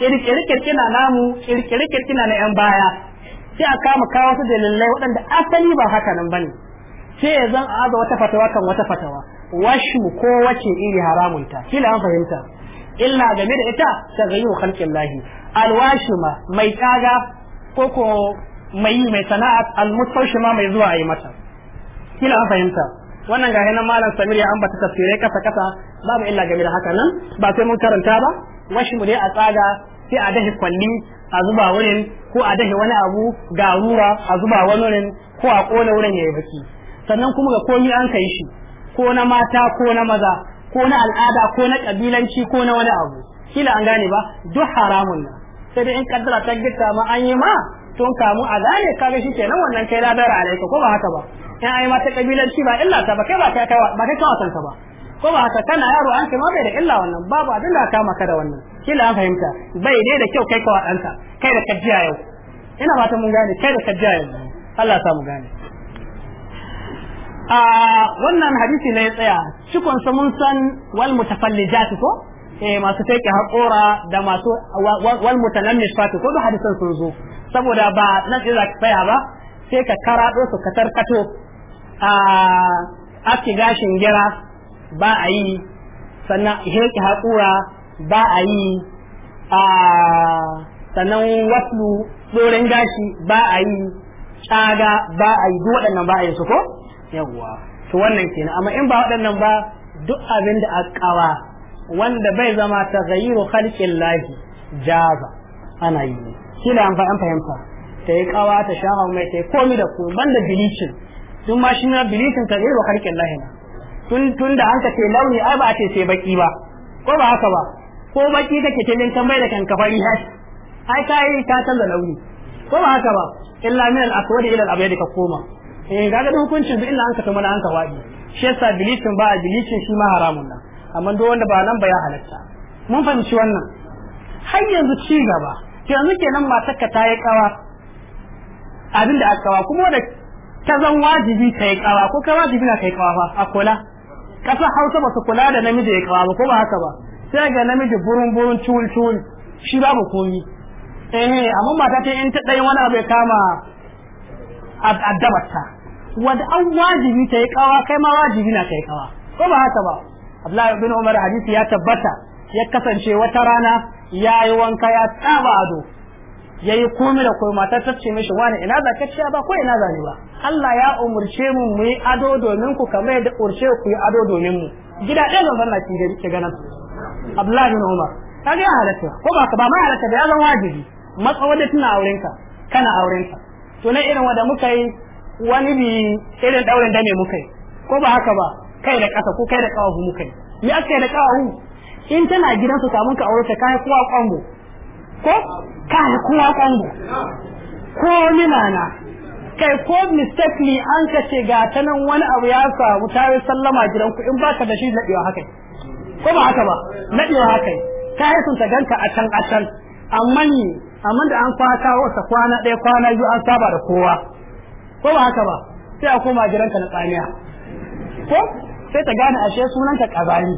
kirkire kirkina namu kirkire kirkina na yan baya sai a kama kawo su dalilai waɗanda asali ba haka nan bane sai ya zan aza wata fatawa kan wata fatawa washu ko wace iri ta kila an fahimta illa game da ita taghayyiru khalqillahi alwashima mai kaga koko mai mai sana'a almustashima mai zuwa ayi mata kila an fahimta wannan ga hinan malam samir ya ambata tafsirai kasa kasa babu illa game da haka nan ba sai mun karanta ba washi mu dai a tsaga sai a dahi kwalli a zuba wurin ko a dahi wani abu ga rura a zuba wani wurin ko a kona wurin ya baki sannan kuma ga komi an kai shi ko na mata ko na maza ko na al'ada ko na kabilanci ko na wani abu kila an gane ba duk haramun nan sai dai in kaddara ta gitta ma an yi ma tun kamu a gane kaga shi kenan wannan kai ladar alaika ko ba haka ba in ai mata kabilanci ba illa ta ba kai ba kai ba kai kawo kanka ba ko ba haka kana yaro an kai ma bai da illa wannan babu abin da kama ka da wannan kila an fahimta bai dai da kyau kai kawo ɗanka kai da kajiya yau ina fata mun gane kai da kajiya yau Allah ta mu gane a wannan hadisi ne ya tsaya cikon sa mun san wal mutafallijat ko eh masu take hakora da masu wal fatu ko da hadisan sun zo saboda ba nan sai za tsaya ba sai ka karaɗo su ka tarkato a gashin gira ba a yi sannan hirki haƙura ba a yi a sannan wasu tsoron gashi ba a yi tsaga ba a yi duk waɗannan ba a yi su ko yawwa to wannan kenan amma in ba waɗannan ba duk abin da ƙawa wanda bai zama ta gayiru halkin lahi jaza ana yi shi da an fahimta ta yi ƙawa ta hau mai ta yi komi da komi banda bilicin tun ma shi na bilisin taghiru khalqin lahi tun tun da an ka ce launi ai ba a ce sai baki ba ko ba haka ba ko baki kake ce min tambaye da kanka fari shi ai yi ka canza launi ko ba haka ba illa min al-aswad ila al-abyad ka koma eh ga da hukuncin illa an ka tuma an ka wadi shi yasa bilisin ba a bilisin shi ma haramun nan amma duk wanda ba nan ba ya halatta mun fahimci wannan har yanzu ci gaba yanzu kenan matar ka ta yi kawa abin da aka kawa kuma da ta zan wajibi ta yi kawa ko kai wajibi na kai kawa ba a kula kasar hausa ba su kula da namiji ya kawa ba ko ba haka ba sai ga namiji burun burun ciwul ciwul shi babu komi eh amma mata ta in ta dai wani abu ya kama addabarta wanda an wajibi ta yi kawa kai ma wajibi na kai kawa ko ba haka ba Abdullahi ibn Umar hadisi ya tabbata ya kasance wata rana ya yi wanka ya tsaba ado yayi komai da kuma matar ta ce mishi wani ina za ka ba ko ina za ba Allah ya umurce mu mu yi ado domin ku kamar yadda urce ku yi ado domin mu gida ɗaya zan zanna ki gari ki ganin Abdullahi bin Umar kaga ya halatta ko ba ka ba ma halatta da ya zan wajibi matsawar da tana aurenka kana aurenka to na irin wanda muka yi wani bi irin ɗaurin da ne muka yi ko ba haka ba kai da ƙasa ko kai da ƙawahu muka yi me aka yi da ƙawahu in tana gidansu kamun ka aure ta kai kowa kwango ko kai kowa kango ko mina na kai ko mistake ne an ka ce ga ta nan wani abu ya samu ta yi sallama gidan ku in baka da shi naɗewa haka ko ba haka ba naɗewa haka ta yi sun ta ganka a can a can amma ni amma da an kwata wata kwana ɗaya kwana biyu an saba da kowa ko ba haka ba sai a koma ka na tsamiya ko sai ta gane ashe sunanka kazani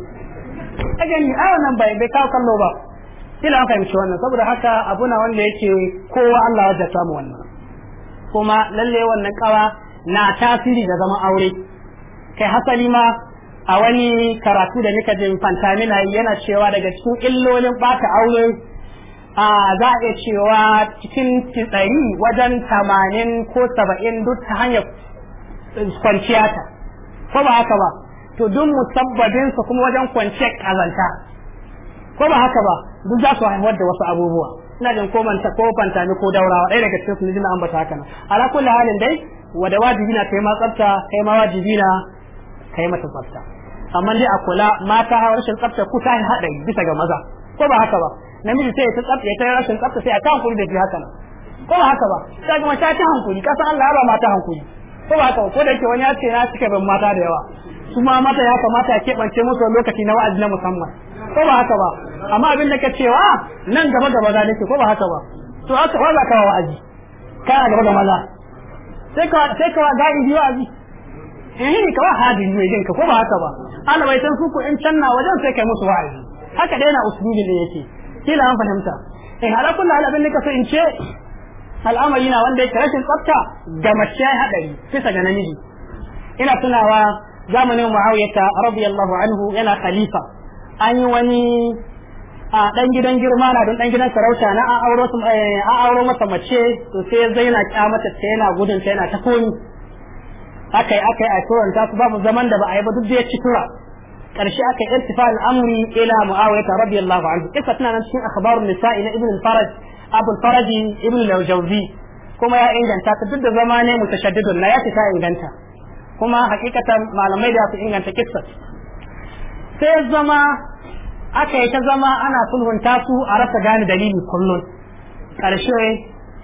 a gani a wannan bai bai kawo kallo ba kila an fahimci wannan saboda haka abu na wanda yake kowa Allah ya jata mu wannan kuma lalle wannan kawa na tasiri da zama aure kai hasali ma a wani karatu da nika jin fantamina yana cewa daga cikin illolin bata aure a za cewa cikin tsari wajen tamanin ko saba'in duk ta hanyar kwanciyata. ko ba haka ba to duk musabbabinsu kuma wajen kwanciyar kazanta ko ba haka ba duk za su haihuwar da wasu abubuwa ina jin ko manta ko fanta ni ko daurawa ɗaya daga cikin sunan an bata haka nan ala kulli halin dai wada wajibi na kai ma tsafta kai ma wajibi na kai mata tsafta amma dai a kula mata rashin tsafta ku ta haɗari bisa ga maza ko ba haka ba namiji sai ta tsafta ta rashin tsafta sai a ta hankuri da ji haka nan ko ba haka ba ta kuma ta ta hankuri kasan Allah ba mata hankuri ko ba haka ko da yake wani ya ce na cika ban mata da yawa kuma mata ya kamata ya keɓance musu lokaci na wa'azi na musamman ko ba haka ba amma abin da ka cewa nan gaba gaba za nake ko ba haka ba to haka ba za ka wa'azi kana gaba da maza sai ka sai ka gari biyu azi eh ne ka wa'azi ne din ka ko ba haka ba ana bai san su ko in canna wajen sai kai musu wa'azi haka dai na usulubi da yake kila an fahimta in eh, ala kullu hal abin da ka so in ce al'amari na wanda yake rashin tsafta ga mace ya hadari bisa ga namiji ina tunawa zamanin Muawiya radiyallahu anhu yana khalifa an yi wani a dan gidan girma na don dan gidan sarauta na auro eh, a auro masa mace to sai zaina kyamata ta yana gudun ta yana ta komi akai akai a su babu zaman da ba a yi ba duk da ya ci tura karshe aka yi irtifa al'amri ila mu'awiyata radiyallahu anhu kisa tana nan cikin akhbarun nisa'i na ibn al-faraj abu al-faraj ibn al-jawzi kuma ya inganta ta duk da zama ne mutashaddidun na ya ta inganta kuma hakikatan malamai da su inganta kissa sai zama aka yi ta zama ana sulhunta su a rasa gane dalili kullun ƙarshe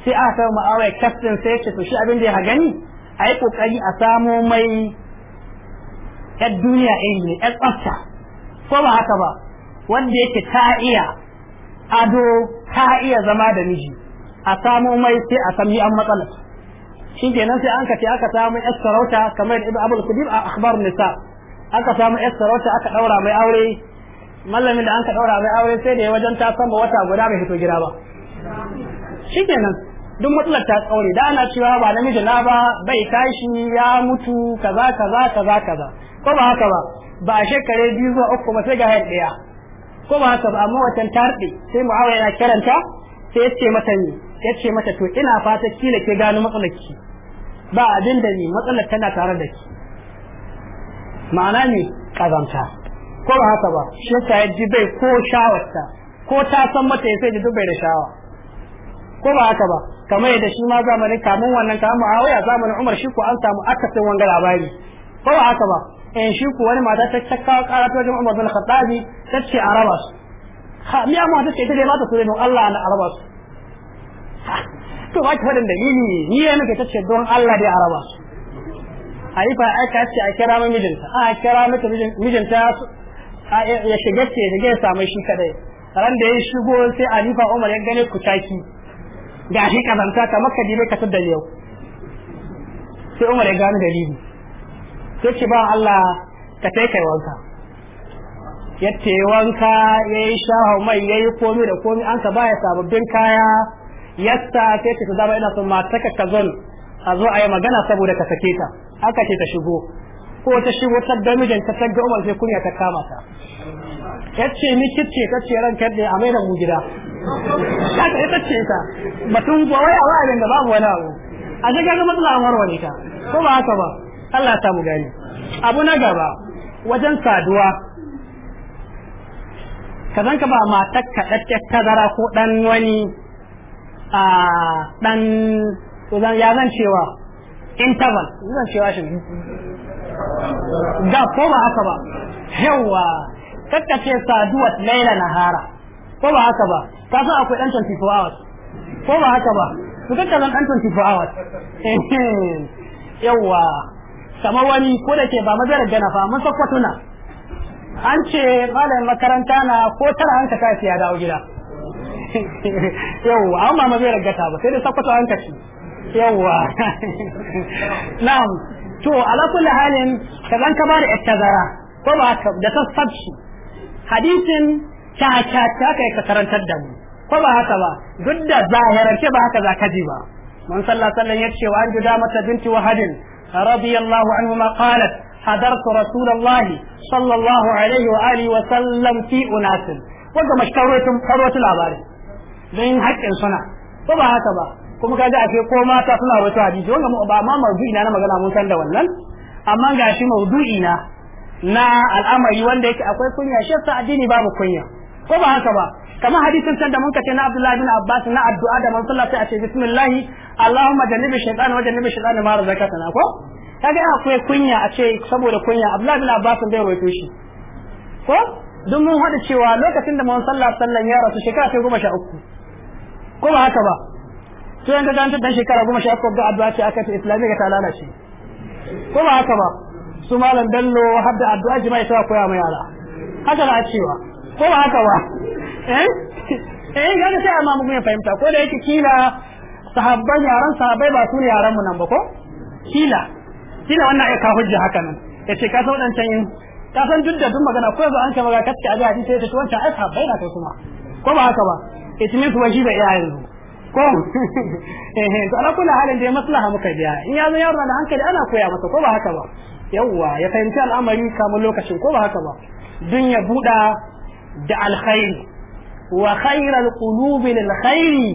sai aka samu ma'awai kastin sai ce to shi abin da ya gani a yi ƙoƙari a samo mai yar duniya iri ne yar tsafta ko ba haka ba wanda yake ta iya ado ta iya zama da miji a samo mai sai a sami an matsala shi kenan sai an ka ce aka samu yar sarauta kamar da ibn abul kudir a akhbar nisa' aka samu yar sarauta aka daura mai aure mallamin da an ka daura mai aure sai da ya wajen ta sama wata guda bai fito gida ba shikenan duk matsalar ta tsaure da ana cewa ba namiji na ba bai tashi ya mutu kaza kaza kaza kaza ko ba haka ba ba shekare biyu zuwa uku ba sai ga hayar daya ko ba haka ba amma wacan tarɗe sai mu'awiya yana karanta sai ya ce mata ni ya ce mata to ina fata kila ke gano matsalar ki ba abin da ni matsalar tana tare da ki ma'ana ne kazanta ko ba haka ba shi yasa ya bai ko shawarta ko ta san mata ya sai ji bai da shawa ko ba haka ba kamar yadda shi ma zamanin kamun wannan kamun muawiya zamanin umar shi ko an samu akasin wanga labari ko ba haka ba in eh, shi ko wani mata ta ta kawo karatu wajen umar bin khattabi ta ce a raba su ha miya ta ce dai mata su Allah na araba su to ba ki dalili ni ne nake ta ce don Allah dai araba su haifa aka ce a kira mai mijinta a kira mata mijinta ya shiga ce da ya samu shi kadai ran da ya shigo sai alifa umar ya gane taki ga shi kazanta ta maka dibe ka da yau sai umar ya gane dalili sai ce ba Allah ka kai kai wanka ya wanka ya yi shaho mai ya yi komi da komi an ka baya sababbin kaya yasta sai ta zama ina son mataka ka zo a zo a yi magana saboda ka sake ta aka ce ta shigo ko ta shigo ta da mijin ta tagga umar sai kunya ta kama ta yace ni kicce ta ce ran kadde a maida mu gida kaga ita ce ta batun ba wai a wa'adin da babu wani abu a ga ga matsala an wani ta ko ba haka ba Allah ya samu gani abu na gaba wajen saduwa ka ka ba matar ka ɗaɗɗe kazara ko ɗan wani a ɗan ya zan cewa interval zan cewa shi da ko ba haka ba yawa kakkace saduwa laila nahara ko ba haka ba ka san akwai dan 24 hours ko ba haka ba su kakka zan dan 24 hours [laughs] yawa sama wani ko da ke ba madarar gana fa mun sakwatuna an ce malam makaranta na ko tara hanka ka tashi dawo gida [laughs] yawa amma ma zai ragata ba sai da sako an yawwa na'am to ala kulli halin kadan ka bada ittazara ko ba haka da tasabshi hadisin ta ta ta kai ka karantar da mu ko ba haka ba duk da zahirarke ba haka za zaka ji ba man sallallahu alaihi wasallam yace wa an judamata binti wahadin radiyallahu anhu ma qalat hadartu rasulullahi sallallahu alaihi wa alihi wa sallam fi unasin wanda mashkarotun karwatu labarin don haƙƙin suna ko ba haka ba kuma a ake ko mata suna rawaito hadisi mu ba ma maudu'i na magana mun san da wannan amma ga shi maudu'i na na al'amari wanda yake akwai kunya shi sa addini babu kunya ko ba haka ba kamar hadisin san da mun kace na Abdullahi bin Abbas na addu'a da manzo sallata a ce bismillah Allahumma jannibi shaytan wa jannibi shaytan ma razaqatan ko kaga akwai kunya a ce saboda kunya Abdullahi bin Abbas bai rawaito shi ko don mun hada cewa lokacin da mun Allah sallan ya rasu shekara ta 13 ko ba haka ba to yanka ga ta shekara goma sha uku ga addu'a ce aka ce islamiyya ta lalace ko ba haka ba su malam dallo har da addu'a ma mai sa koya ma yara haka a cewa ko ba haka ba eh eh gani sai amma ya fahimta ko da yake kila sahabban yaran sahabbai ba su ne yaran mu nan ba ko kila kila wannan ya kawo hujja haka nan ce ka san wadancan yin ka san duk da duk magana ko yanzu an ce magana kaske a ga hadisi sai ta wancan ai sahabbai na kai kuma ko ba haka ba it means wa shi da iyayen yanzu ko [laughs] eh to ala kula halin da maslaha muka biya in ya zo yaro da hankali ana koya masa ko ba haka ba yawwa ya fahimci al'amari kamar lokacin ko ba haka ba dun ya buda da alkhairi wa khairal qulubi lil khairi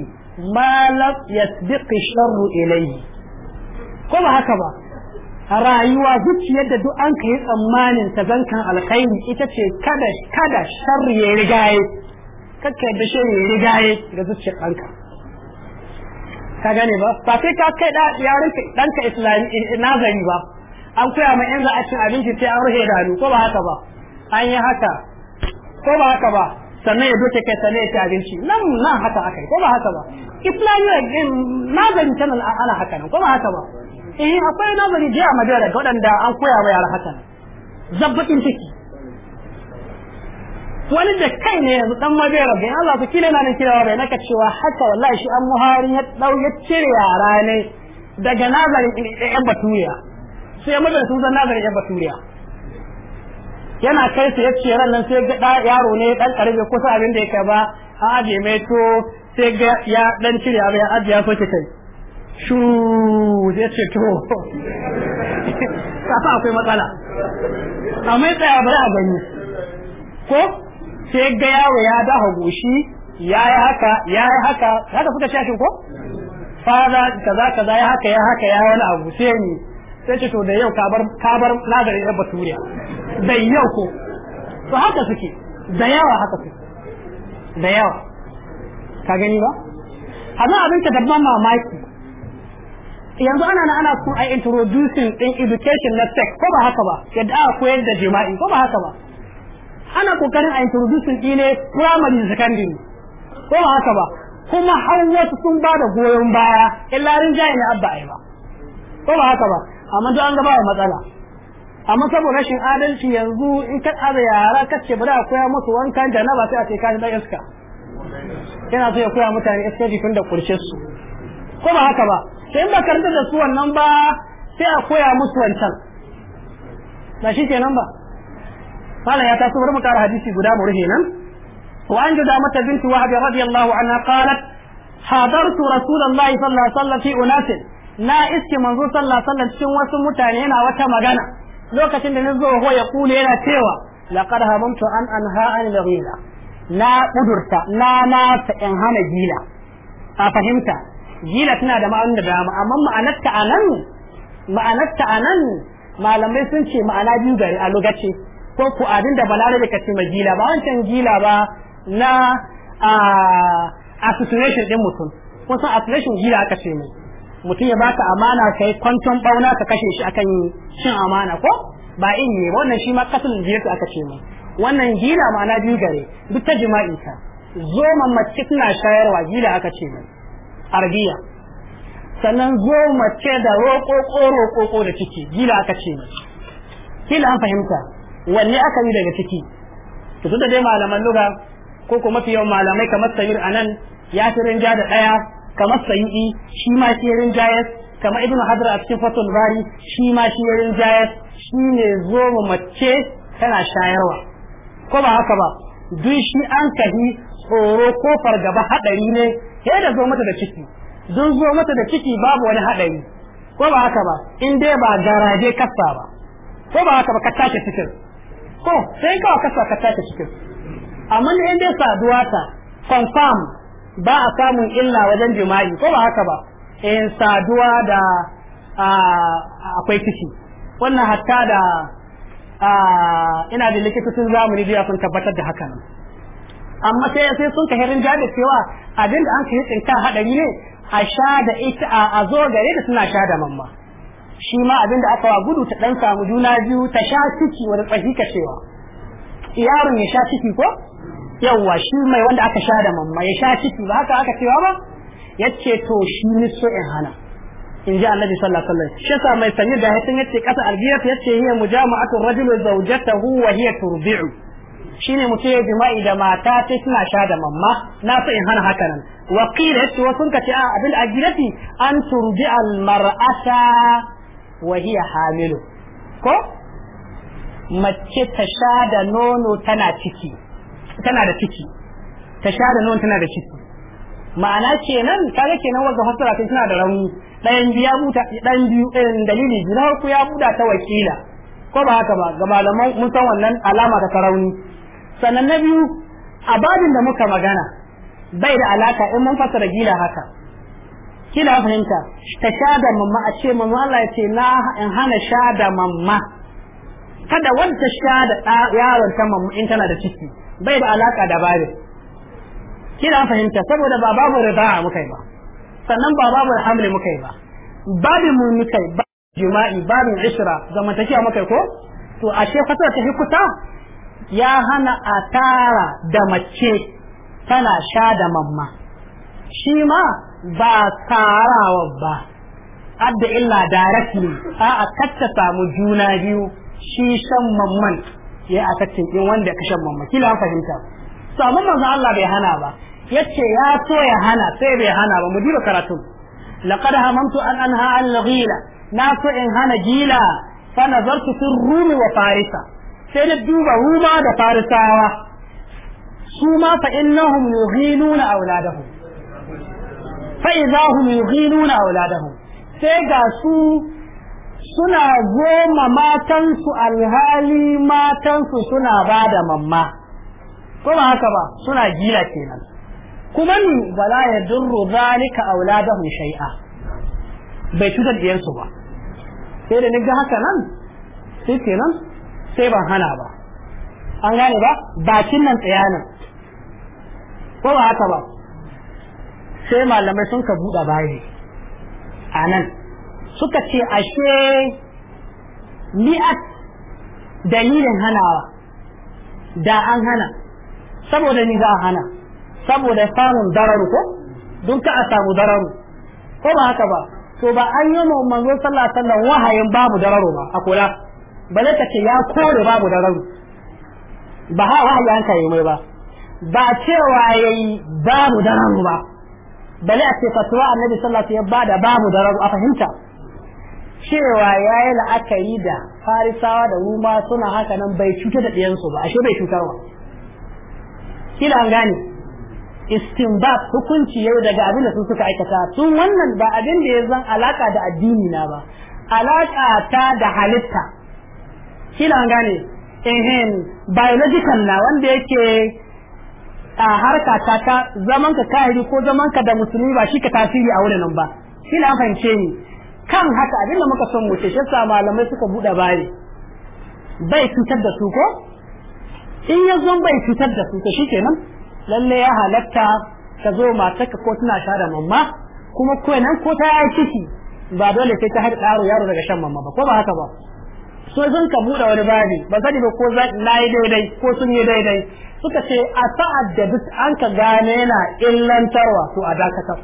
ma lam yasbiqi sharru ilayhi ko ba haka ba a rayuwa zuciyar da duk an kai tsammanin ta zankan alkhairi ita ce kada kada sharri ya rigaye kakka da sharri ya rigaye ga zuciyar ɗanka ka gane ba ba sai ka kai da yaron ka islami eh, nazari ba an koya mai yanzu a cin abinci sai an rufe danu ko ba haka ba an yi haka ko ba haka ba sannan ya doke kai sannan ya ci abinci nan nan haka aka ko ba haka ba islamiyya eh, nazari tana ana haka nan ko ba haka ba eh akwai nazari da a madara ga waɗanda an koya wa yara haka zabbatin ciki wani da kai ne yanzu dan mabe rabbi Allah ku kile na nan kirawa bai naka cewa haka wallahi shi an muharin ya dau ya cire yara ne daga nazarin ɗan baturiya sai ya mutu sun nazarin ɗan baturiya yana kai su ya ce ran nan sai ga yaro ne dan karbe kusa abin da yake ba a aje mai to sai ga ya dan cire abin aje ya soke kai shu zai ce to [laughs] kafa akwai matsala amma ya tsaya bari a gani ko sai ga yawo ya da hagushi ya yi haka ya yi haka haka suka shashin ko fara kaza kaza ya haka ya haka ya wani abu sai ni sai ce to da yau kabar kabar nazarin yar baturiya da yau ko to haka suke da yawa haka suke da yawa ka gani ba amma abin ta dabban mamaki yanzu ana na ana so a introducing in education na sex ko ba haka ba yadda aka koyar da jima'i ko ba haka ba ana kokarin a introducing ɗine primary secondary ko ba haka ba kuma hawa sun ba da goyon baya illarin jayi ne abba ai ba ko ba haka ba amma duk an ga ba matsala amma saboda rashin adalci yanzu in ka tsara yara ka ce bari a koya musu wankan janaba sai a ce kashi dan iska yana so ya koya mutane iska tun da kurce su ko ba haka ba sai in ba karanta da su wannan ba sai a koya musu wancan ba shi kenan ba قال يا تاسور مكار حديثي قدام رهينا وعن جدامة بنت وهب رضي الله عنها قالت حضرت رسول الله صلى الله عليه وسلم في أناس na iske manzo sallallahu alaihi wasu mutane yana wata magana lokacin da nazo ho ya kula yana cewa laqad hamamtu an anha an al na kudurta na na ta hana gila a fahimta gila tana da ma'anar da dama amma ma'anarta anan ma'anarta malamai sun ce ma'ana biyu gari ko ku abin da balarabe ka ce gila ba wancan gila ba na association din mutum ko san association gila aka ce mu mutum ya baka amana kai kwanton bauna ka kashe shi akan shin amana ko ba in ne wannan shi ma kasul jiyatu aka ce mu wannan gila ma na biyu gare duk ta jima'i ta zo mace tana shayarwa gila aka ce mu arbiya sannan zo mace da roƙo roƙo da ciki gila aka ce mu kila an fahimta wanne aka yi daga ciki to tunda dai malaman lugha ko kuma mafi yawan malamai kamar sayyid anan ya fi rinja da ɗaya kamar sayyidi shi ma shi rinjayas kamar ibnu hadar a cikin fatul bari shi ma shi rinjayas shi ne zo mace tana shayarwa ko ba haka ba duk shi an kahi tsoro ko fargaba hadari ne sai da zo mata da ciki duk zo mata da ciki babu wani hadari ko ba haka ba in dai ba garaje kasa ba ko ba haka ba ka tashi cikin ko sai ka kasa ka ta cikin amma ne dai saduwa ta confirm ba a samun illa wajen jima'i ko ba haka ba in eh, saduwa da akwai ciki wannan hatta da ina da likitocin zamani biya sun tabbatar da hakan amma sai sai sun ka herin jada cewa abin an ka yi tsinka hadari ne a sha da ita a zo gare da suna sha da mamma shi ma abinda aka wa gudu ta dan samu juna biyu ta sha ciki wani tsahika cewa yaron ya sha ciki ko yawwa shi mai wanda aka sha da mamma ya sha ciki ba haka aka cewa ba Ya ce to shi ni so in hana in ji annabi sallallahu alaihi wasallam shi yasa mai sanye da hatin yace kasa albiyat yace hiya mujama'atu rajulu zawjatahu wa hiya turbi'u shine mutum ya jima'i da mata ta suna sha da mamma na so in hana haka nan wa qila yace wasu ka ce a abin a girati an turbi'a al-mar'ata wa hamilu ko mace ta sha da nono tana ciki tana da ciki ta sha da nono tana da ciki ma'ana kenan kaga kenan wanda fasara ta tana da rauni biya buta biyu ɗayan dalili na ku ya buda ta wakila ko ba haka ba ga malaman mun san wannan alama ta rauni sannan na biyu a da muka magana bai da alaka in mun fasara gila haka kina fahimta ta shada mamma a ce mamma Allah ya ce na in hana shada mamma kada wanda shada yaron ta mamma in tana da ciki bai da alaka da bare kina fahimta saboda ba babu muka yi ba sannan ba babu muka yi ba babin mu yi ba jima'i babin isra zamantakiya yi ko to ashe fatara ta hikuta ya hana a tara da mace tana sha da mamma shi ma ba tarawa ba adda illa directly a'a katta samu juna biyu shi shan mamman ya a kacce in wanda ka shan mamman kila fahimta to amma manzo Allah bai hana ba yace ya so ya hana sai bai hana ba mu duba karatu laqad hamamtu an anha an laghila na so in hana gila fa nazartu fi rumi wa farisa sai da duba ruma da farisawa su ma fa innahum yughiluna auladahum fa idahum yughiluna auladahum sai ga su suna goma matansu alhali matansu suna bada mamma ko ba haka ba suna gina kenan kuma ni wala yadurru zalika auladahum shai'a. bai cutar da ba sai da ni haka nan sai kenan sai ban hana ba an gane ba bakin nan tsayanin ko ba haka ba sai malamai sun ka buɗa bayi a nan suka ce ashe mi'at dalilin hanawa da an hana saboda ni za a hana saboda samun dararu ko don ka a samu dararu ko ba haka ba to ba an yi manzo sallallahu alaihi wasallam wahayin babu dararu ba a kula ba zai ce ya kore babu dararu ba ha wahayi an kai mai ba ba cewa yayi babu dararu ba bale a ce fatuwa annabi sallallahu alaihi wasallam ya bada babu da rabu a fahimta cewa yayi la'akari da farisawa da ruma suna haka nan bai cuta da ɗiyansu ba ashe bai cutarwa kila an gane istinbat hukunci yau daga abin da su suka aikata tun wannan ba abin da ya zan alaka da addini na ba alaka ta da halitta kila an gane biological na wanda yake harka ta ta zaman ka kahiri ko zaman ka da musulmi ba shi ka tasiri a wurin ba shi na fahimce ni kan haka da muka son mu shi sa malamai suka buɗe bari bai cutar da su ko in ya zo bai cutar da su shi kenan lalle ya halatta ka zo matarka ko tana da mamma kuma ko nan ko ta yi ciki ba dole sai ta haɗa yaro daga shan mamma ba ko ba haka ba so zan ka buɗe wani babi ba sani ba ko na yi daidai ko sun yi daidai suka ce a sa'ad da duk an ka gane yana illantarwa to a dakatar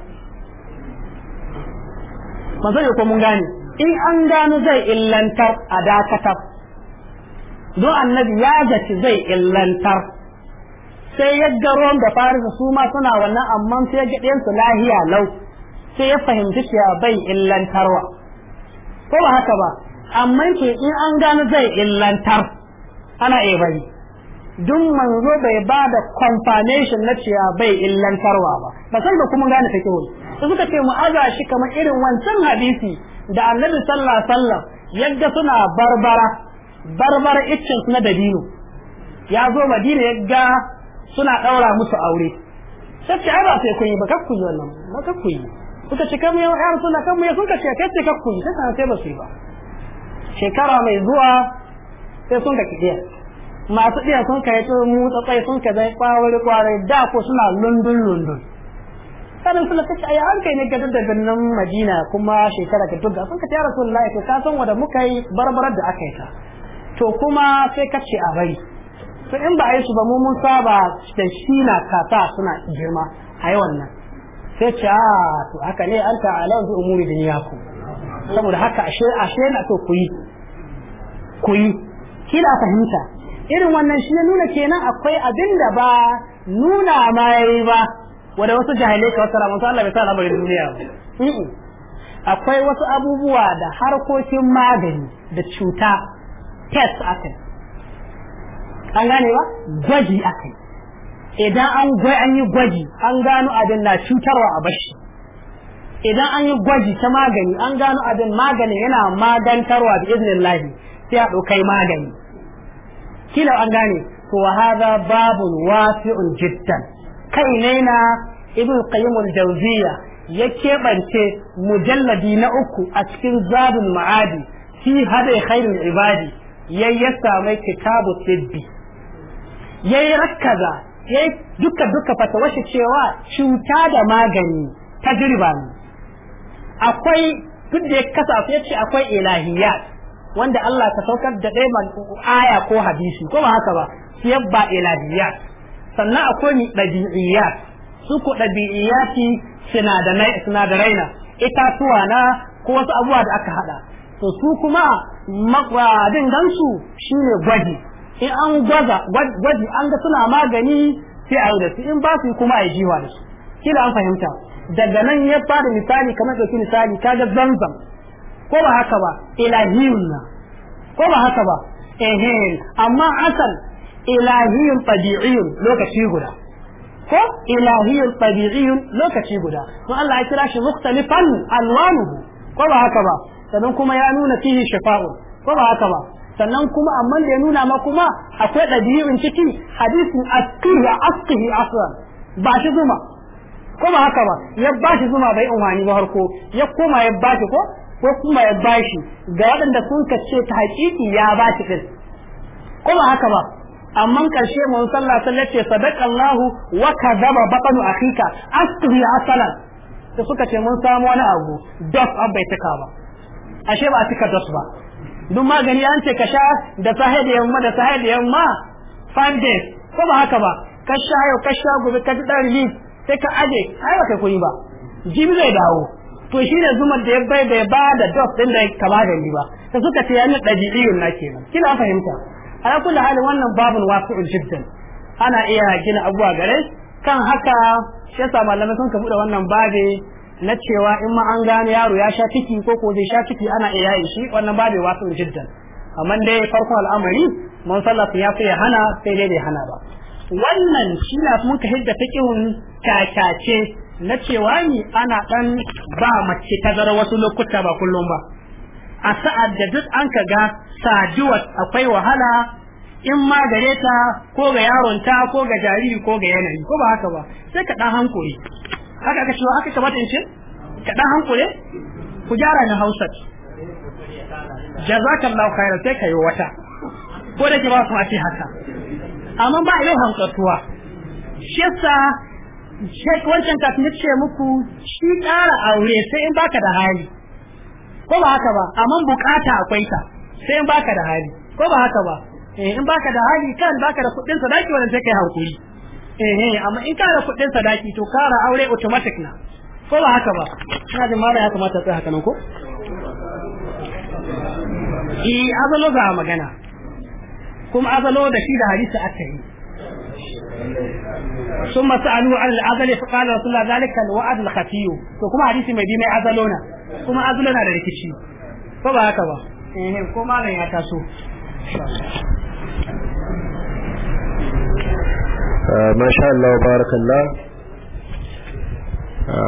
manzo yi ko mun gane in an gano zai illantar a dakatar don annabi ya zaci zai illantar sai ya ga da farisa su ma suna wannan amma sai ya gaɗe su lahiya lau sai ya fahimci cewa bai illantarwa ko ba haka ba amma ke in an gano zai illantar ana iya duk manzo bai ba da confirmation na cewa bai illantarwa ba ba san da kuma gane take wani su suka ce mu'aza shi kamar irin wancan hadisi da annabi sallallahu alaihi wasallam yadda suna barbara barbara iccin na dabino ya zo madina yadda suna daura musu aure sai ce ai ba sai kun yi ba kakku yi wannan ba kakku yi suka ce kamar yau ayar suna kamar sun ka ce kai ce kakku yi sai sai ba su yi ba shekara mai zuwa sai sun ka kidiya masu ɗiya sun kai to mu tsatsai sun ka zai kwawari kwarai da ko suna lundun lundun sanin suna ta ce ai an kai ne gadar da birnin madina kuma shekara ka duka sun ka ta rasulullahi to ka san wanda muka yi barbarar da aka yi ta to kuma sai ka ce a bari to in ba a yi su ba mu mun saba da shi na kasa suna girma a yi wannan sai ce a ah, to haka ne an ta ala bi umuri niyaku. saboda haka ashe na to ku yi ku yi kila fahimta irin wannan shi ne nuna kenan akwai abin da ba nuna ma yayi ba wanda wasu jahilai ka wasu ramatu Allah bai sa lamarin duniya ba akwai wasu abubuwa da harkokin magani da cuta test akai an gane ba gwaji akai idan an gwai an yi gwaji an gano abin na cutarwa a bashi idan an yi gwaji ta magani an gano abin maganin yana magantarwa da izinin lahi sai a ɗaukai magani kila an gane to wa hadha babun wasi'un jiddan kai ne na ibnu qayyim al jawziya ya keɓance mujalladi na uku a cikin zadul ma'adi fi hada khairul ibadi yayi ya samu kitabu tibbi yayi rakkaza yayi duka duka fatawashi cewa cuta da magani tajriba ne akwai duk da ya kasa ce akwai ilahiyat wanda Allah ka saukar da ɗaya aya ko hadisi ko ba haka ba su yabba ilahiyat sannan akwai ɗabi'iyya su ku ɗabi'iyati sinadarai na itatuwa na ko wasu abubuwa da aka haɗa to su kuma makwadin gansu shine gwaji in an gwaza gwaji an ga suna magani sai a yi da su in ba su kuma a yi jiwa da su kila an fahimta daga nan ya fara misali kamar ɗauki misali kaga zamzam ko ba haka ba ilahiyun na ko ba haka ba ehin amma asal ilahiyun tabi'iyun lokaci guda ko ilahiyun tabi'iyun lokaci guda to Allah ya kira shi mukhtalifan alwanuhu ko ba haka ba sannan kuma ya nuna fihi shifa'un ko ba haka ba sannan kuma amma da ya nuna ma kuma akwai ɗabi'un ciki hadisin askihi askihi asran ba shi zuma ko ba haka ba ya ba shi zuma bai unwani ba harko ya koma ya ba shi ko ko kuma ya bashi ga waɗanda sun kace ce ta haƙiƙi ya bashi din ko ba haka ba amma karshe mun sallah sallah ce Allahu wa kadaba batnu akhika astri asalan da suka ce mun samu wani abu dos an bai tuka ba ashe ba a tuka dos ba duk magani an ce ka sha da sahi da yamma da sahi da yamma five days ko ba haka ba ka sha yau ka sha gobe ka ji dan relief sai ka aje ai ba kai kuni ba jibi zai dawo to shi ne zuma da ya bai bai ba da dos din da ka ba da ba ta suka ce yana dabi'iyun na kenan kina fahimta ala kulli hali wannan babun wasi'un jiddan ana iya gina abuwa gare kan haka shi yasa malamai sun ka bude wannan babe na cewa in ma an gane yaro ya sha ciki ko ko sha ciki ana iya yin shi wannan babe wasi'un jiddan amma dai farkon al'amari mun sallafa ya sai hana sai dai bai hana ba wannan shi na muka hidda fiqhun kakace na cewa ni ana dan ba mace tazara wasu lokuta ba kullum ba a sa'ad da duk an ka ga saduwa akwai wahala in ma gare ta ko ga yaronta ko ga jariri ko ga yanayi ko ba haka ba sai ka dan hankuri haka ka cewa aka kamata in ce ka dan hankuri ku gyara na Hausa jazakallahu khairan sai ka yi wata ko da ke ba su a ce haka amma ba yau hankartuwa shi yasa shek wancan kafin da ce muku shi ƙara aure sai in baka da hali ko ba haka ba amma bukata akwai ta sai in baka da hali ko ba haka ba eh in baka da hali kan baka da kuɗin sadaki wannan sai kai hankuri eh eh amma in kara kudin kuɗin sadaki to ƙara aure automatic na ko ba haka ba ina da mara ya kamata sai haka nan ko
eh azalo ga
magana kuma azalo da shi da hadisi akai. ثم سألوا عن العزل فقال رسول الله ذلك الوعد الخفي to kuma hadisi mai bi mai azalona kuma azalona da rikici ko ba haka ba ko malam ya taso
masha Allah barakallah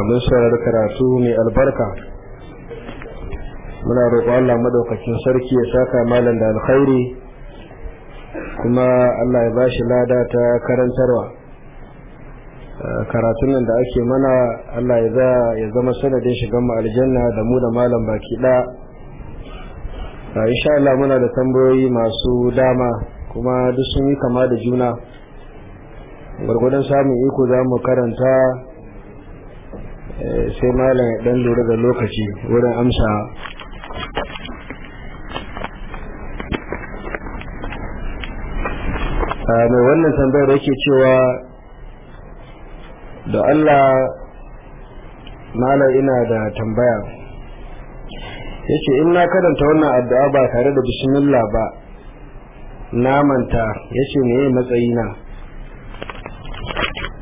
mun saurari karatu mai albarka muna roƙon Allah madaukakin sarki ya saka malam da alkhairi kuma Allah ya bashi lada ta karantarwa karatun nan da ake mana Allah ya za ya zama sanadin shigan mu aljanna da mu da malam baki ɗaya insha Allah muna da tambayoyi masu dama kuma duk sun yi kama da juna gwargwadon samun iko za mu karanta eh, sai malam ya dan lura da lokaci wurin amsa mai wannan tambayar yake cewa da Allah mala ina da tambaya yace in na karanta wannan addu'a ba tare da bismillah ba na manta yace me matsayi na?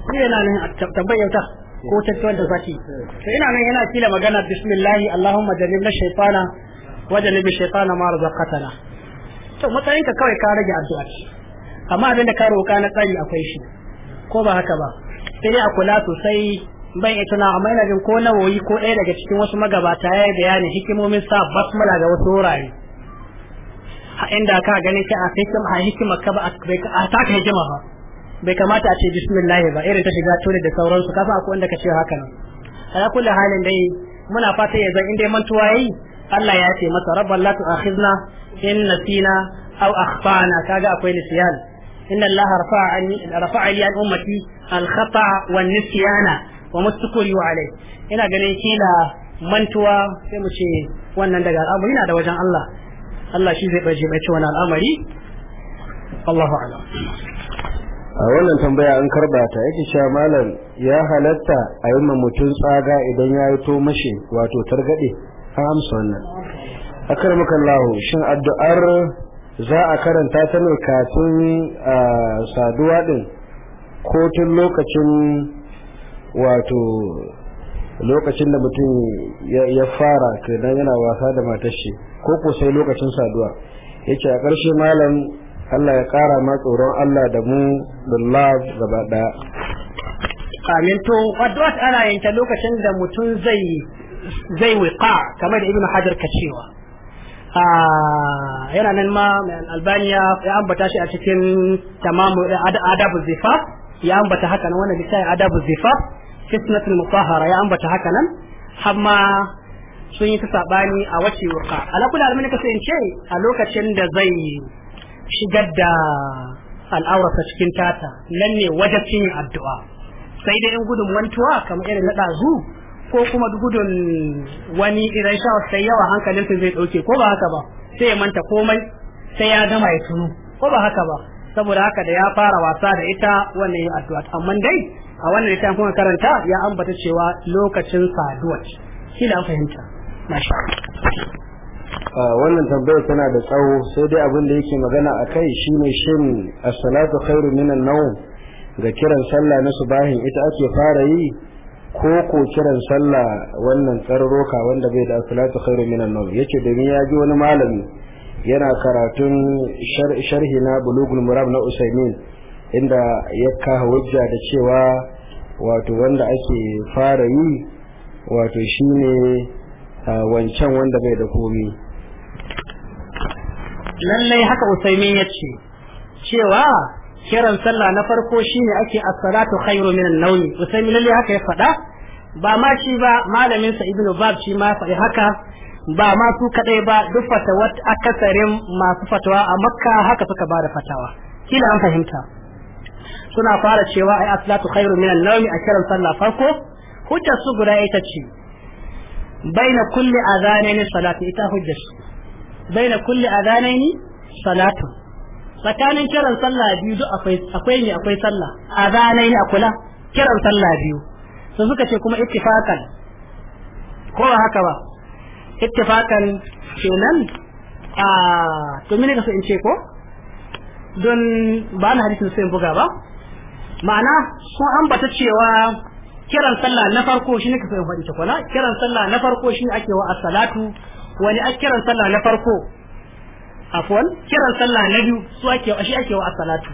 ni yana nan tambayar ta ko ta tsawon da zaki to ina nan yana kila magana bismillah Allahumma jannibna shaytana wa jannib shaytana ma razaqtana to matsayin ka kawai ka rage addu'a amma abinda ka roka na tsari akwai shi ko ba haka ba sai a kula sosai ban ita na amma ina jin ko nawoyi ko ɗaya daga cikin wasu magabata ya yi bayani hikimomin sa basmala ga wasu wurare a inda ka gani ka a sai a hikima ka ba a taka hikima ba bai kamata a ce bismillah ba irin ta shiga tole da sauransu kafa akwai wanda ka ce haka A ya kulli halin dai muna fata ya zan inda mantuwa yi Allah ya ce masa rabbana a tu'akhizna in nasina aw akhfana kaga akwai nisyan إن الله رفع عني رفع لي عن أمتي الخطأ والنسيان وما استكرهوا عليه إن قال كيلا mantuwa sai mu ce wannan daga al'amari na da wajen Allah Allah shi zai baje mai wannan al'amari Allahu a
wannan tambaya an karba ta yake sha malam ya halatta a yi mutum tsaga idan ya yi to mashi wato targade an amsa wannan akar mukan lahu shin addu'ar za a karanta ta ne kafin saduwa din ko tun lokacin wato lokacin da mutum ya fara kenan yana wasa da matar ko ko sai lokacin saduwa Yake a ƙarshe malam Allah ya ƙara ma tsoron Allah da mu da love gaba ɗaya
amin to ana yanta lokacin da mutum zai zai kamar da ibnu hajar ka cewa Ah, yana nan ma eh, albaniya ya ambata shi a cikin tamamu eh, adabu zifa ya ambata haka nan wannan littafin adabu zifa fitnatul mutahhara ya ambata haka nan amma sun yi ta sabani a wace wurka ala kullu ka sai ce a lokacin da zai shigar da ta cikin tata nan ne wajabcin addu'a sai dai in gudun wantuwa kamar irin na ɗazu ko kuma gudun wani idan sha sai yawa hankalinsa zai dauke ko ba haka ba sai ya manta komai sai ya gama ya tunu ko ba haka ba saboda haka da ya fara wasa da ita wannan yin addu'a amma dai a wannan ita kuma karanta ya ambata cewa lokacin saduwa shi da fahimta masha
wannan tambayar tana da tsawo sai dai abin da yake magana a kai shine shin as-salatu khairu minan nawm ga kiran sallah na subahin ita ake fara yi ko ko kiran sallah wannan tsarroka wanda bai da salatu khairu minan nawm yace da ya ji wani malami yana karatun sharhi na bulugul murab na usaimin inda ya ka hujja da cewa wato wanda ake fara yi wato shine wancan wanda bai da komi
lallai haka usaimin yace cewa kiran sallah na farko shine ake as-salatu khairu min an-nawm usaymin lalle haka ya faɗa ba ma shi ba malamin sa ibnu bab shi ma faɗi haka ba ma su kadai ba duk fatawa akasarin masu fatawa a makka haka suka bada fatawa kila an fahimta suna fara cewa ai as-salatu khairu min an a kiran sallah farko hujjar su guda ita ce baina kulli adhanaini salatu ita hujjar su baina kulli adhanaini salatu tsakanin kiran sallah biyu duk akwai akwai ne akwai sallah azanai ne akula kiran sallah biyu su suka ce kuma ittifakan ko ba haka ba ittifakan kenan a to mene kasu in ce ko don ba na hadisin sai buga ba ma'ana an bata cewa kiran sallah na farko shi ne kasu in faɗi ta kula? kiran sallah na farko shi ake wa as-salatu wani a kiran sallah na farko afwan kiran sallah na biyu su ake shi ake wa as-salatu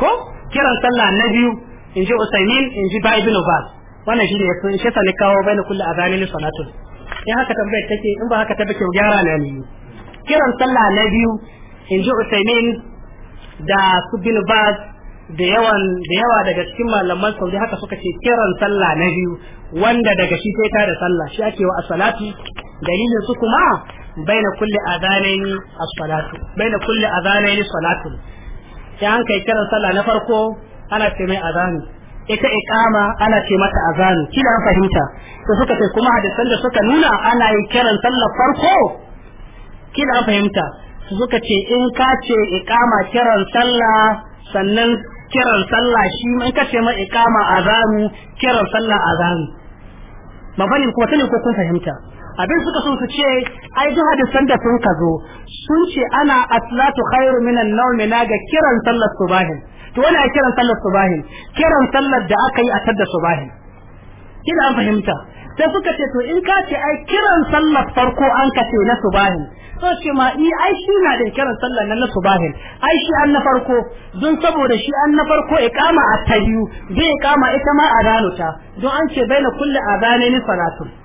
ko kiran sallah na biyu in ji Usaimin in ji Ba ibn Baz wannan shine ya sun shi sani kawo bayan kullu azanin salatu in haka tambayar take in ba haka ta bake gyara na ni kiran sallah na biyu in ji Usaimin da su bin Baz da yawan da yawa daga cikin malaman Saudi haka suka ce kiran sallah na biyu wanda daga shi sai ta da sallah shi ake wa as-salatu dalilin su kuma baina kulli adhanaini as baina kulli adhanaini salatu sai an kai kiran sallah na farko ana ce mai ita iqama ana ce mata kina an fahimta to suka ce kuma hadisan da suka nuna ana yin kiran sallah farko kina an fahimta suka ce in ka ce iqama kiran sallah sannan kiran sallah shi in ka ce mai iqama azanu kiran sallah azanu ba kuma sani ko kun fahimta abin suka sun su ce ai duk hadisan da sun ka zo sun ce ana aslatu khairu minan nawmi na ga kiran sallar subahin to wani kiran sallar subahin kiran sallar da aka yi a tadda subahin kina an fahimta sai suka ce to in ka ce ai kiran sallar farko an ka ce na subahin so ce ma ni ai shi na da kiran sallar na subahin ai shi an na farko don saboda shi an na farko iqama a ta biyu zai iqama ita ma a ranota don an ce baina kulli ni salatun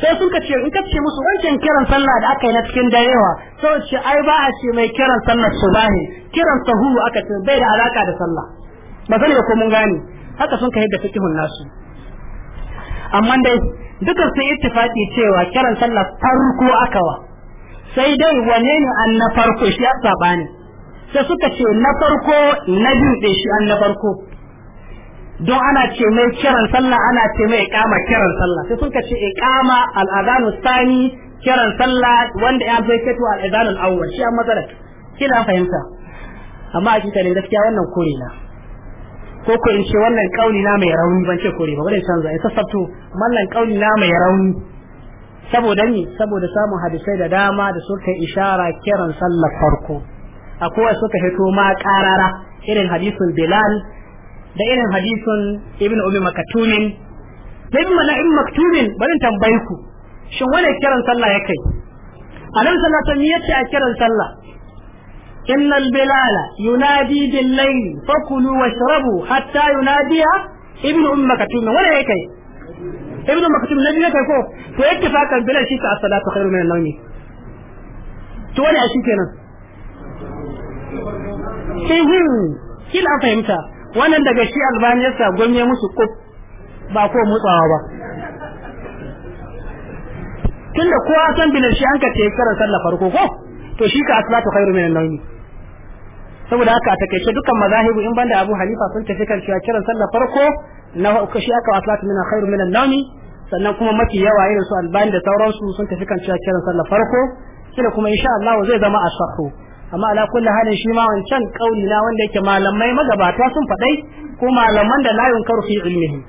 sai sun ka ce in ka ce musu wancan kiran sallah da aka yi na cikin darewa sai ce ai ba a ce mai kiran sallah su bane kiran sahuru aka ce bai da alaka da sallah ba sani ko mun gane haka sun ka yadda kihun nasu amma dai dukan sai ittifaqi cewa kiran sallah farko aka wa sai dai wane ne an na farko shi ya sabani sai suka ce na farko na biyu shi an na farko don ana ce mai kiran sallah ana ce mai kama kiran sallah sai sun ka ce ikama al'adanu sani kiran sallah wanda ya zai kaito al awwal shi an matsalar kina fahimta amma a cikin gaskiya wannan kore na ko ko in ce wannan kauli na mai rauni ban ce kore ba bane canza ya sassabto wannan kauli na mai rauni saboda ni saboda samun hadisai da dama da suka ishara kiran sallar farko akwai suka hito ma karara irin hadisin Bilal da irin hadisin ibn ummi makatumin da ibn mala'im maktumin barin tambayi ku shin wani kiran sallah ya kai annabi sallallahu alaihi wasallam yace a kiran sallah innal bilala yunadi bil layl fakulu washrabu hatta yunadiya ibn ummi makatumin wani ya kai ibn maktum na biyu kai ko to yake fakan bilal shi ka as-salatu khairu min an-nawmi to wani a shi kenan sai hin kila fahimta wannan daga shi albani ya sa gwamnati musu kuf ba ko mutsawa ba tunda kowa san bilal shi an ka ce karar sallah farko ko to shi ka asbatu khairu min an saboda haka a takaice dukkan mazahibu in banda Abu Hanifa sun tafi kan cewa kiran sallah farko na ka shi aka asbatu min khairu min an sannan kuma mafi yawa irin su albani da sauransu sun tafi kan cewa kiran sallah farko kina kuma insha Allah zai zama asahu amma ala kulli halin shi ma wancan kauli na wanda yake malamai magabata sun faɗai ko malaman da la yunkaru fi ilmihim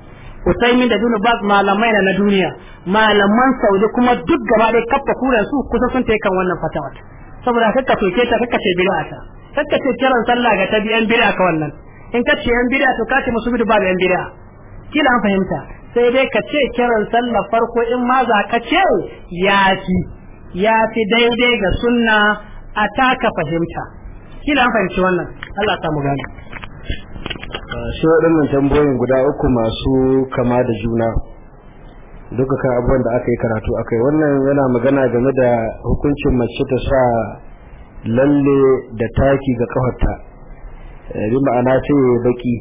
Usaimin da Dunu Bas malamai na na duniya malaman Saudi kuma duk gaba ɗaya kafa kuran su kusa sun taikan wannan fatawa saboda kakka soke ta kakka ce bila ta kakka ce kiran sallah ga ta biyan bila ka wannan in ka ce yan bila to ka ce musu bidu ba yan bila kila an fahimta sai dai ka ce kiran sallah farko in ma za ka ce ya fi ya fi daidai ga sunna a taka fahimta kila an fahimci wannan Allah ta mu gane
shi waɗannan tambayoyin guda uku masu kama da juna duka kan abubuwan da aka yi karatu akai wannan yana magana game da hukuncin mace ta sa lalle da taki ga kafarta eh, bi ma'ana ce baki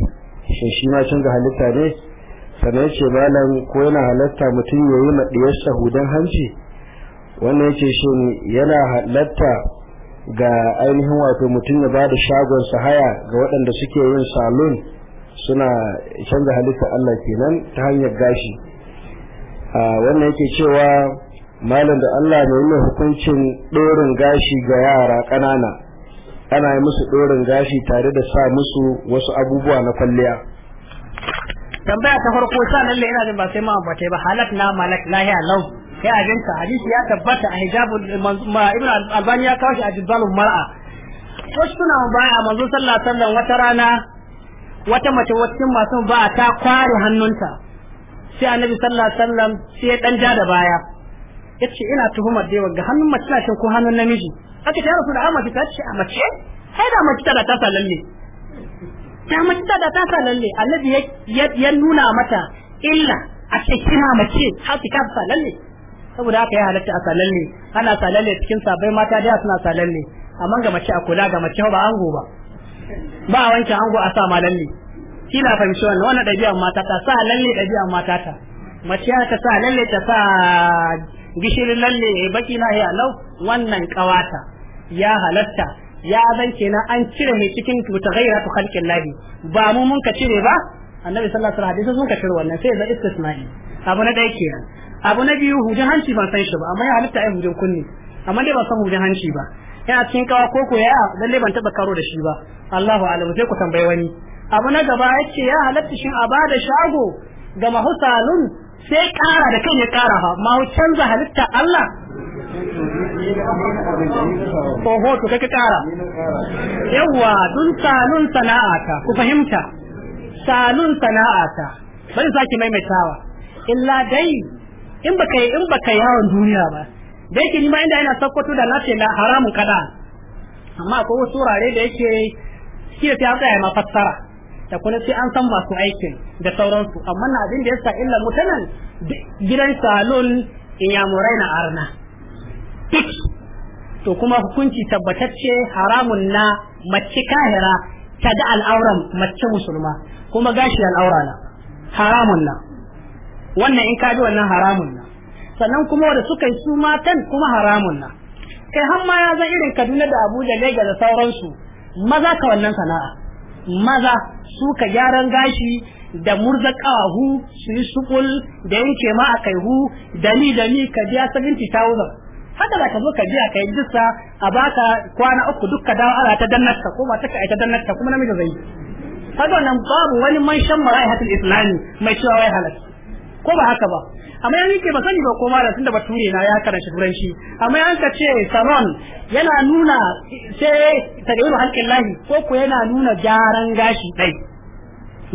shin shi ma canza halitta ne sannan ce malam ko yana halatta mutum ya yi maɗiyarsa hanci wannan ce shin yana halatta ga ainihin wato mutum ya ba da shagon haya ga waɗanda suke yin salon suna canza halitta Allah kenan ta hanyar gashi wannan yake cewa malam da Allah ne yi hukuncin ɗorin gashi ga yara ƙanana ana yi musu ɗorin gashi tare da sa musu wasu abubuwa na kwalliya
tambaya ta farko sa lalle ina jin ba sai ma ba halat na malak lahiya lau kai abinka hadisi ya tabbata a hijabul ibn albani ya kawo shi a jibbalul mar'a wasu suna baya manzo sallallahu alaihi wasallam wata rana wata mace wacce masu ba ta kware hannunta sai annabi sallallahu alaihi wasallam sai ya dan ja da baya yace ina tuhumar dai ga hannun mace ta shin ko hannun namiji aka ta rasu da amma ta ce a mace sai da mace ta da ta lalle ta mace ta da ta lalle annabi ya nuna mata illa a ce kina mace har ki ka lalle saboda haka ya halatta a salalle ana salalle cikin sabai mata da suna salalle amma ga mace a kula ga mace ba ango ba ba a wanke ango a sa malalle Kina fahimci wannan wannan dabi'a mata ta sa lalle dabi'a mata ta mace ta sa lalle ta sa gishirin lalle eh, baki na ya lau wannan kawata ya halatta ya zan kenan an cire mai cikin tuta gaira tu halkin ladi, ba mu mun ka cire ba annabi sallallahu alaihi wasallam sun ka cire wannan sai ya istisnai abu na ɗaya kenan abu na biyu hujin hanci ban san shi ba amma ya halitta ai hujin kunni amma dai ban san hujin hanci ba yana cikin kawa ko ko ya lalle ban taba karo da shi ba Allahu a'lam sai ku tambayi wani abu na gaba yace ya halatta shin a bada shago ga mahusalun sai kara da kan ya kara ha ma canza halitta Allah Oho to kake kara yawa dun salun sana'ata ku fahimta salun sana'ata bari saki maimaitawa illa dai in baka in baka yawon duniya ba da yake ni ma inda ina sakkwato da na ce haramun kada amma akwai wasu wurare da yake shi da tsaya ma fassara da kuma sai an san masu aikin da sauransu amma na abin da yasa illa mutanen gidan salon inyamurai na arna to kuma hukunci tabbatacce haramun na mace kahira ta da al'auran mace musulma kuma gashi al'aura haramun na wannan in ka bi wannan haramun na sannan kuma wanda suka yi su matan kuma haramun na kai hamma ya zan irin Kaduna da Abuja Lagos da sauransu maza ka wannan sana'a maza su ka gyaran gashi da murza kawahu su yi sukul da yanke ma a hu? da ni da ni ka biya 70,000 haka za ka zo ka biya ka yi jissa a baka kwana uku duk ka dawo ala ta dannarta ko ba ta ka ta dannarta kuma namiji zai kaga nan babu wani man shan mara'ihatul islami mai cewa wai halal ko ba haka ba amma yanzu ke ba sani ba ko mara tunda bature na ya karanta turanci amma yan ka ce saron yana nuna sai tadayiru halkin lahi ko ko yana nuna gyaran gashi dai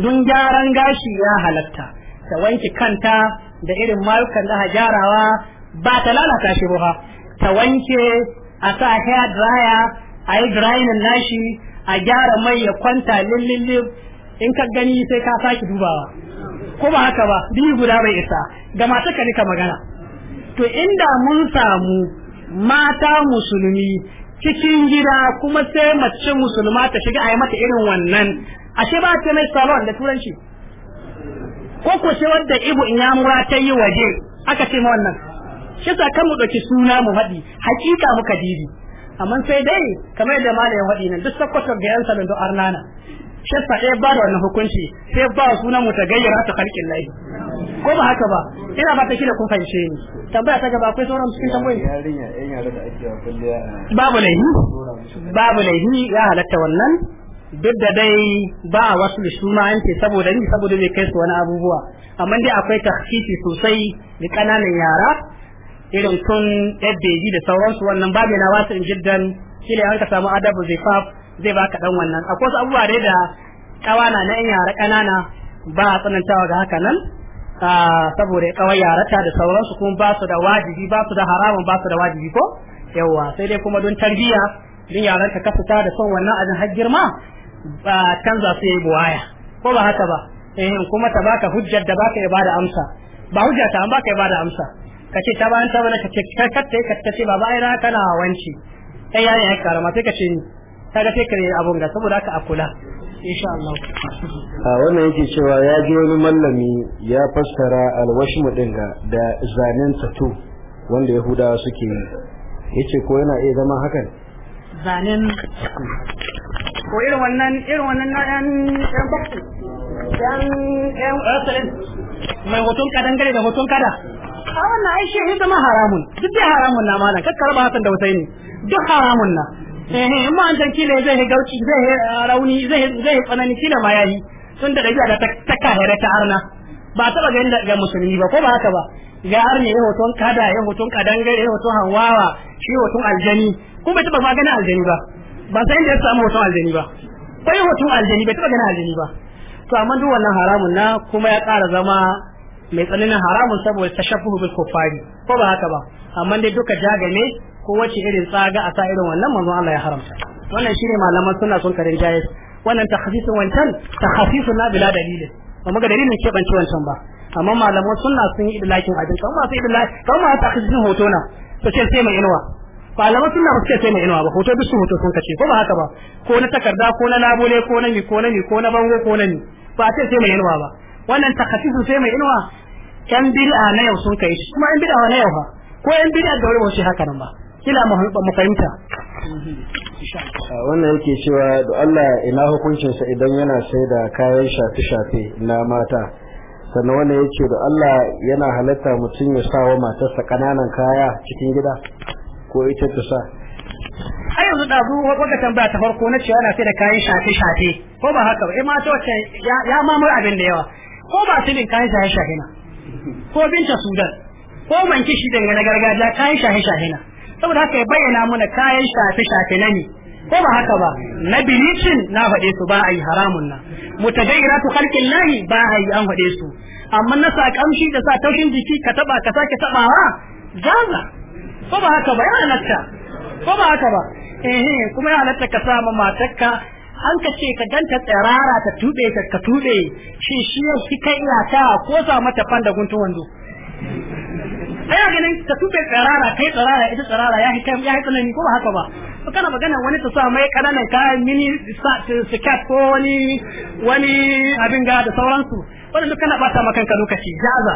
don gyaran gashi ya halatta ta wanke kanta da irin mayukan da gyarawa ba ta lalata shi ba ta wanke a sa hair dryer a yi drying nashi a gyara mai ya kwanta lillillin in ka gani sai ka sake dubawa ko ba haka ba biyu guda bai isa ga mata ka nika magana to inda mun samu mata musulmi cikin gida kuma sai mace musulma ta shiga a yi mata irin wannan ashe ba ta mai salon da turanci ko ko ce wadda ibu in yamura ta yi waje aka ce wannan shi sa kan mu ɗauki suna mu haɗi, hakika muka dibi amma sai dai kamar da malamin haɗi nan duk sakwatar ga yan salon arnana shassa ɗaya ba da wannan hukunci sai ba sunan mu ta gayyara ta halkin lai ko ba haka ba ina ba ta kila kun fahimce ni tambaya ta gaba akwai sauran cikin tambayoyi eh,
babu laihi babu
laihi ya halatta wannan duk da dai ba wasu suna an ce saboda ni saboda bai kai su wani abubuwa amma dai akwai tahsisi sosai da kananan yara irin tun ɗabbeji da sauransu wannan babu na wasu jiddan kila an ka samu adabu zifaf zai baka dan wannan akwai wasu abubuwa dai da kawana na yan yara kanana ba a tsanantawa ga haka nan saboda kawai yarata da sauransu kuma ba su da wajibi ba su da haramun ba su da wajibi ko yawa sai dai kuma don tarbiya din yaran ta kafuta da son wannan abin har girma ba canza su yi buwaya ko ba haka ba eh kuma ta baka hujjar da baka bada amsa ba hujja ta an baka bada amsa kace ta bayan ta bana kace kar ka ta kace baba ai ra kana wanci sai yayi ai karama sai kace ni kaga sai kare abun ga saboda haka a kula insha Allah
a wannan yake cewa ya ji wani mallami ya fassara alwashmu din ga da zanen tatu wanda yahudawa suke yi yace ko yana iya zama hakan zanen
ko irin wannan irin wannan na yan yan bakku yan yan asalin eh, mai hoton kadan gare da hoton kada a wannan ai ita ma haramun duk da haramun na malam kakkar ba hakan da wasai ne duk haramun na eh amma an san kila zai gauci zai rauni zai zai tsanani kila ma yayi tun da dabi'a da ta kahira ta arna ba taba ganin da ga musulmi ba ko ba haka ba ga arne ya hoton kada ya hoton kadangare ya hoton hawawa shi hoton aljani ko bai taba ma ganin aljani ba ba san inda ya samu hoton aljani ba bai hoton aljani bai taba ganin aljani ba to amma duk wannan haramun na kuma ya ƙara zama mai tsananin haramun saboda tashabbuhu bil kuffari ko ba haka ba amma dai duka jaga ne ko wace irin tsaga a sa irin wannan manzon Allah ya haramta wannan shine malaman suna sun karin jayis wannan takhsisun wancan takhsisun na bila dalilin ba ga dalilin ke bance wancan ba amma malaman suna sun yi idlakin ajin kan ma sai idlaki kan ma takhsisun hoto na to ce sai mai inuwa malaman suna suke sai mai inuwa ba hoto duk su hoto sun kace ko ba haka ba ko na takarda ko na labule ko na mi ko na mi ko na bango ko na ni ba sai sai mai inuwa ba wannan takhsisun sai mai inuwa yan bid'a na yau sun kai shi kuma yan bid'a na yau ha ko yan bid'a da wurin shi haka nan ba kila mu fahimta
wannan yake cewa da Allah ina hukuncin sa idan yana sai da kayan shafe shafe na mata sannan wannan yake da Allah yana halatta mutum ya sa wa matarsa kananan kaya cikin gida ko ita ta sa
ai yanzu da bu wata tambaya ta farko na cewa yana sai da kayan shafe shafe ko ba haka ba eh mata wacce ya mamar abin da yawa ko ba silin kayan shafi shafe na ko binta sudan ko Man shi dangane na gargajiya kayan shahe shahe na saboda haka ya bayyana mana kayan shafe shafe na ne ko ba haka ba na bilicin na faɗe su ba a yi haramun na mutagayyiratu khalqin lahi ba a yi an faɗe su amma na sa kamshi da sa taushin jiki ka taba ka sake tabawa jaza ko ba haka ba ya halatta ko ba haka ba eh, eh kuma ya halatta ka sa ma an ka ce ka ganta tsirara ta tube ta ka tube shi shi ya shi kai iya ta ko sa mata fan da guntun wando ai ganin ka tube tsirara kai tsirara ita tsirara ya hita ya hita tsanani ko ba haka ba kana magana wani ta sa mai kananan kayan mini skirt ko wani wani abin ga da sauransu wannan duk kana bata maka kanka lokaci jaza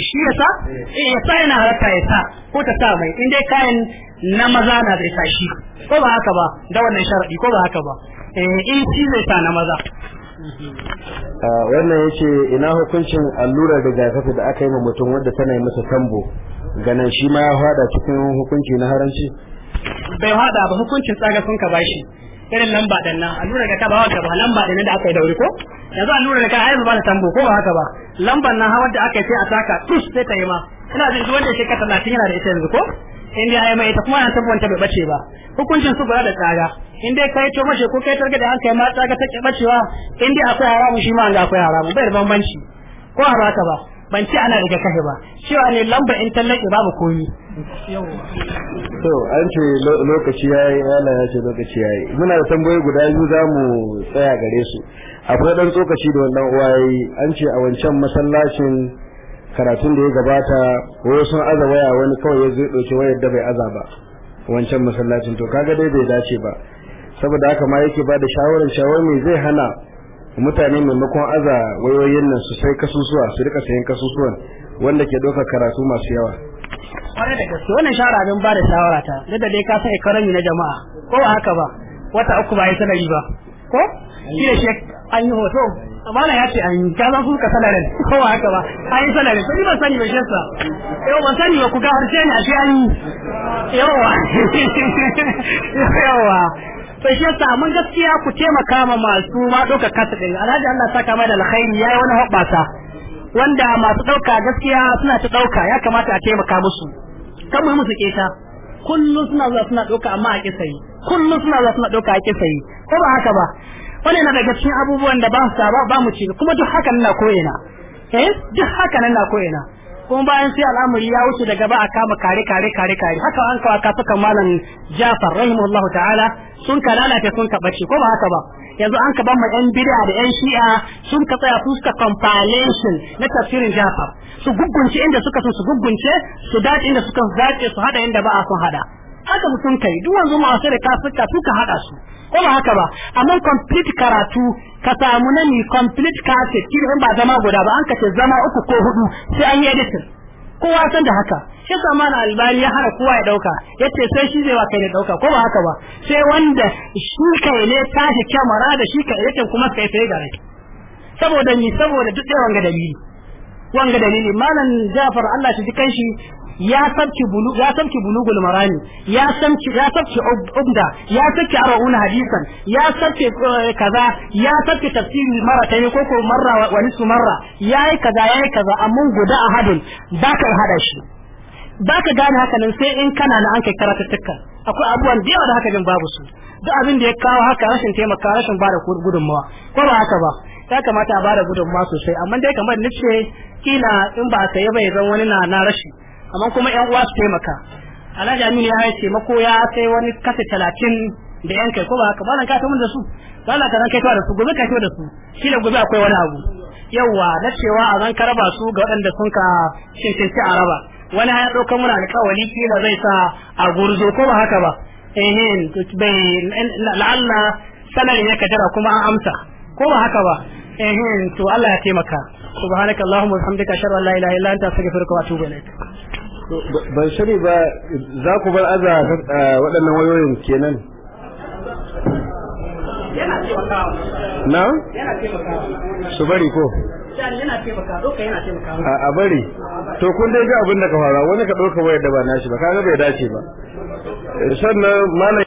shi yasa eh yasa yana ya yasa ko ta sa mai in dai kayan na maza na zai sa shi ko ba haka ba da wannan sharadi ko ba haka ba eh, in shi zai sa na maza
wannan ya ce ina hukuncin allurar rigakafi da aka yi ma mutum wadda tana yi masa tambo ganin shi ma ya fada cikin hukunci na haranci
bai fada ba hukuncin tsaga sun ka bashi irin lamba dan nan allurar da ka ba wanda ba lamba ne da aka yi dauri ko yanzu allurar da ka ai ba da tambo ko ba haka ba lamban nan ha wanda aka yi sai a saka tus sai ta yi ma ina jin wanda ya ka 30 yana da ita yanzu ko in dai ai mai ta kuma an tabbanta bai bace ba hukuncin su guda da tsaga in dai kai to mace ko kai targa da hankali ma tsaga take bacewa in dai akwai haramu shi ma an akwai haramu bai da bambanci ko a haka ba ban ci ana daga kashe ba cewa ne lamba in tallake babu komi
to an ce lokaci yayi Allah ya ce lokaci yayi muna da tambayoyi guda biyu za mu tsaya gare su akwai dan tsokaci da wannan uwaye an ce a wancan masallacin karatun da ya gabata ko sun aza waya wani kawai ya zo ɗauki wayar da bai aza ba wancan masallacin to kaga dai bai dace ba saboda haka ma yake ba da shawarar shawarar mai zai hana mutane maimakon aza wayoyin nan su sai kasusuwa su rika sayan kasusuwan wanda ke ɗaukar karatu masu yawa
kwarai da gaske wannan shawara abin ba da shawara ta duk da dai ka san economy na jama'a ko ba haka ba wata uku ba yi sanari ba ko shi da shi an yi hoto amana ya ce an ka za su ka salarin kowa haka ba a yi sanare sai ban sani ba shi yasa yau ba sani ba ku ga harshe ne a ce an yi yawa yawa to shi yasa mun gaskiya ku taimaka ma masu ma doka kasa din alhaji Allah saka mai da alkhairi yayi wani hobbasa wanda masu dauka gaskiya suna ta dauka ya kamata a taimaka musu kan mu musu keta kullum suna zuwa suna dauka amma a kisayi kullum suna zuwa suna dauka a kisayi ko ba haka ba wannan na daga cikin abubuwan da ba sa ba ba mu ci kuma duk hakan na koyena eh duk hakan na koyena kuma bayan sai al'amari ya wuce daga ba a kama kare kare kare kare haka an kawo kafukan malam Jafar rahimahullahu ta'ala sun ka lalace sun ka ko ba haka ba yanzu an ka ban ma yan bid'a da yan shi'a sun ka tsaya fuska compilation na tafsirin Jafar su gugunce inda suka so su gugunce su dace inda suka dace su hada inda ba a son hada haka mutum kai duk wanzu ma da kafuka suka hada su ko ba haka ba amma complete karatu ka samu na ni complete karatu. kin ba zama guda ba an kace zama uku ko hudu sai an yi editing kowa san da haka shi zamana albani ya hara kowa ya dauka yace sai shi zai wa kai ne dauka ko ba haka ba sai wanda shi kai ne tashi kyamara da shi kai yake kuma sai sai gare saboda ni saboda duk da wanga dalili wanga dalili malam Jafar Allah shi kanshi ya sabki bulu ya sabki bulugul marani ya sabki ya sabki ubda ya sabki arauna hadisan ya sabki eh, kaza ya sabki tafsiri mara tayi ko ko marra wa nisu marra yayi kaza yayi kaza amma guda da baka hada shi baka gane haka nan sai in kana na an kai karatattuka akwai abubuwan da yawa da haka jin babu su duk abin da ya kawo haka rashin taimaka rashin bada gudunmawa ko ba haka ba ya kamata a bada gudunmawa sosai amma dai kamar nace kila in ba a saye bai zan wani na na rashi amma kuma ƴan uwa su taimaka alhaji aminu ya haye taimako ya sai wani kasa talatin da yan kai ko ba haka ba ka ta mun da su ba na karan kai da su gobe kai da su shi da gobe akwai wani abu yawa na cewa a zan karaba su ga waɗanda sun ka cincinci a raba wani ya ɗaukar muna alƙawari kila zai sa a gurzo ko ba haka ba ehin bai la'alla sanarin ya kadara kuma an amsa ko ba haka ba ehin to Allah ya taimaka Allahumma wa bihamdika ashhadu an la ilaha illa anta astaghfiruka wa atubu ilaik
ban shari ba za ku bar aza waɗannan wayoyin kenan na su bari ko a bari to kun dai ga abin da ka fara wani ka ɗauka wayar da ba nashi ba kaga bai dace ba eh, sannan
malam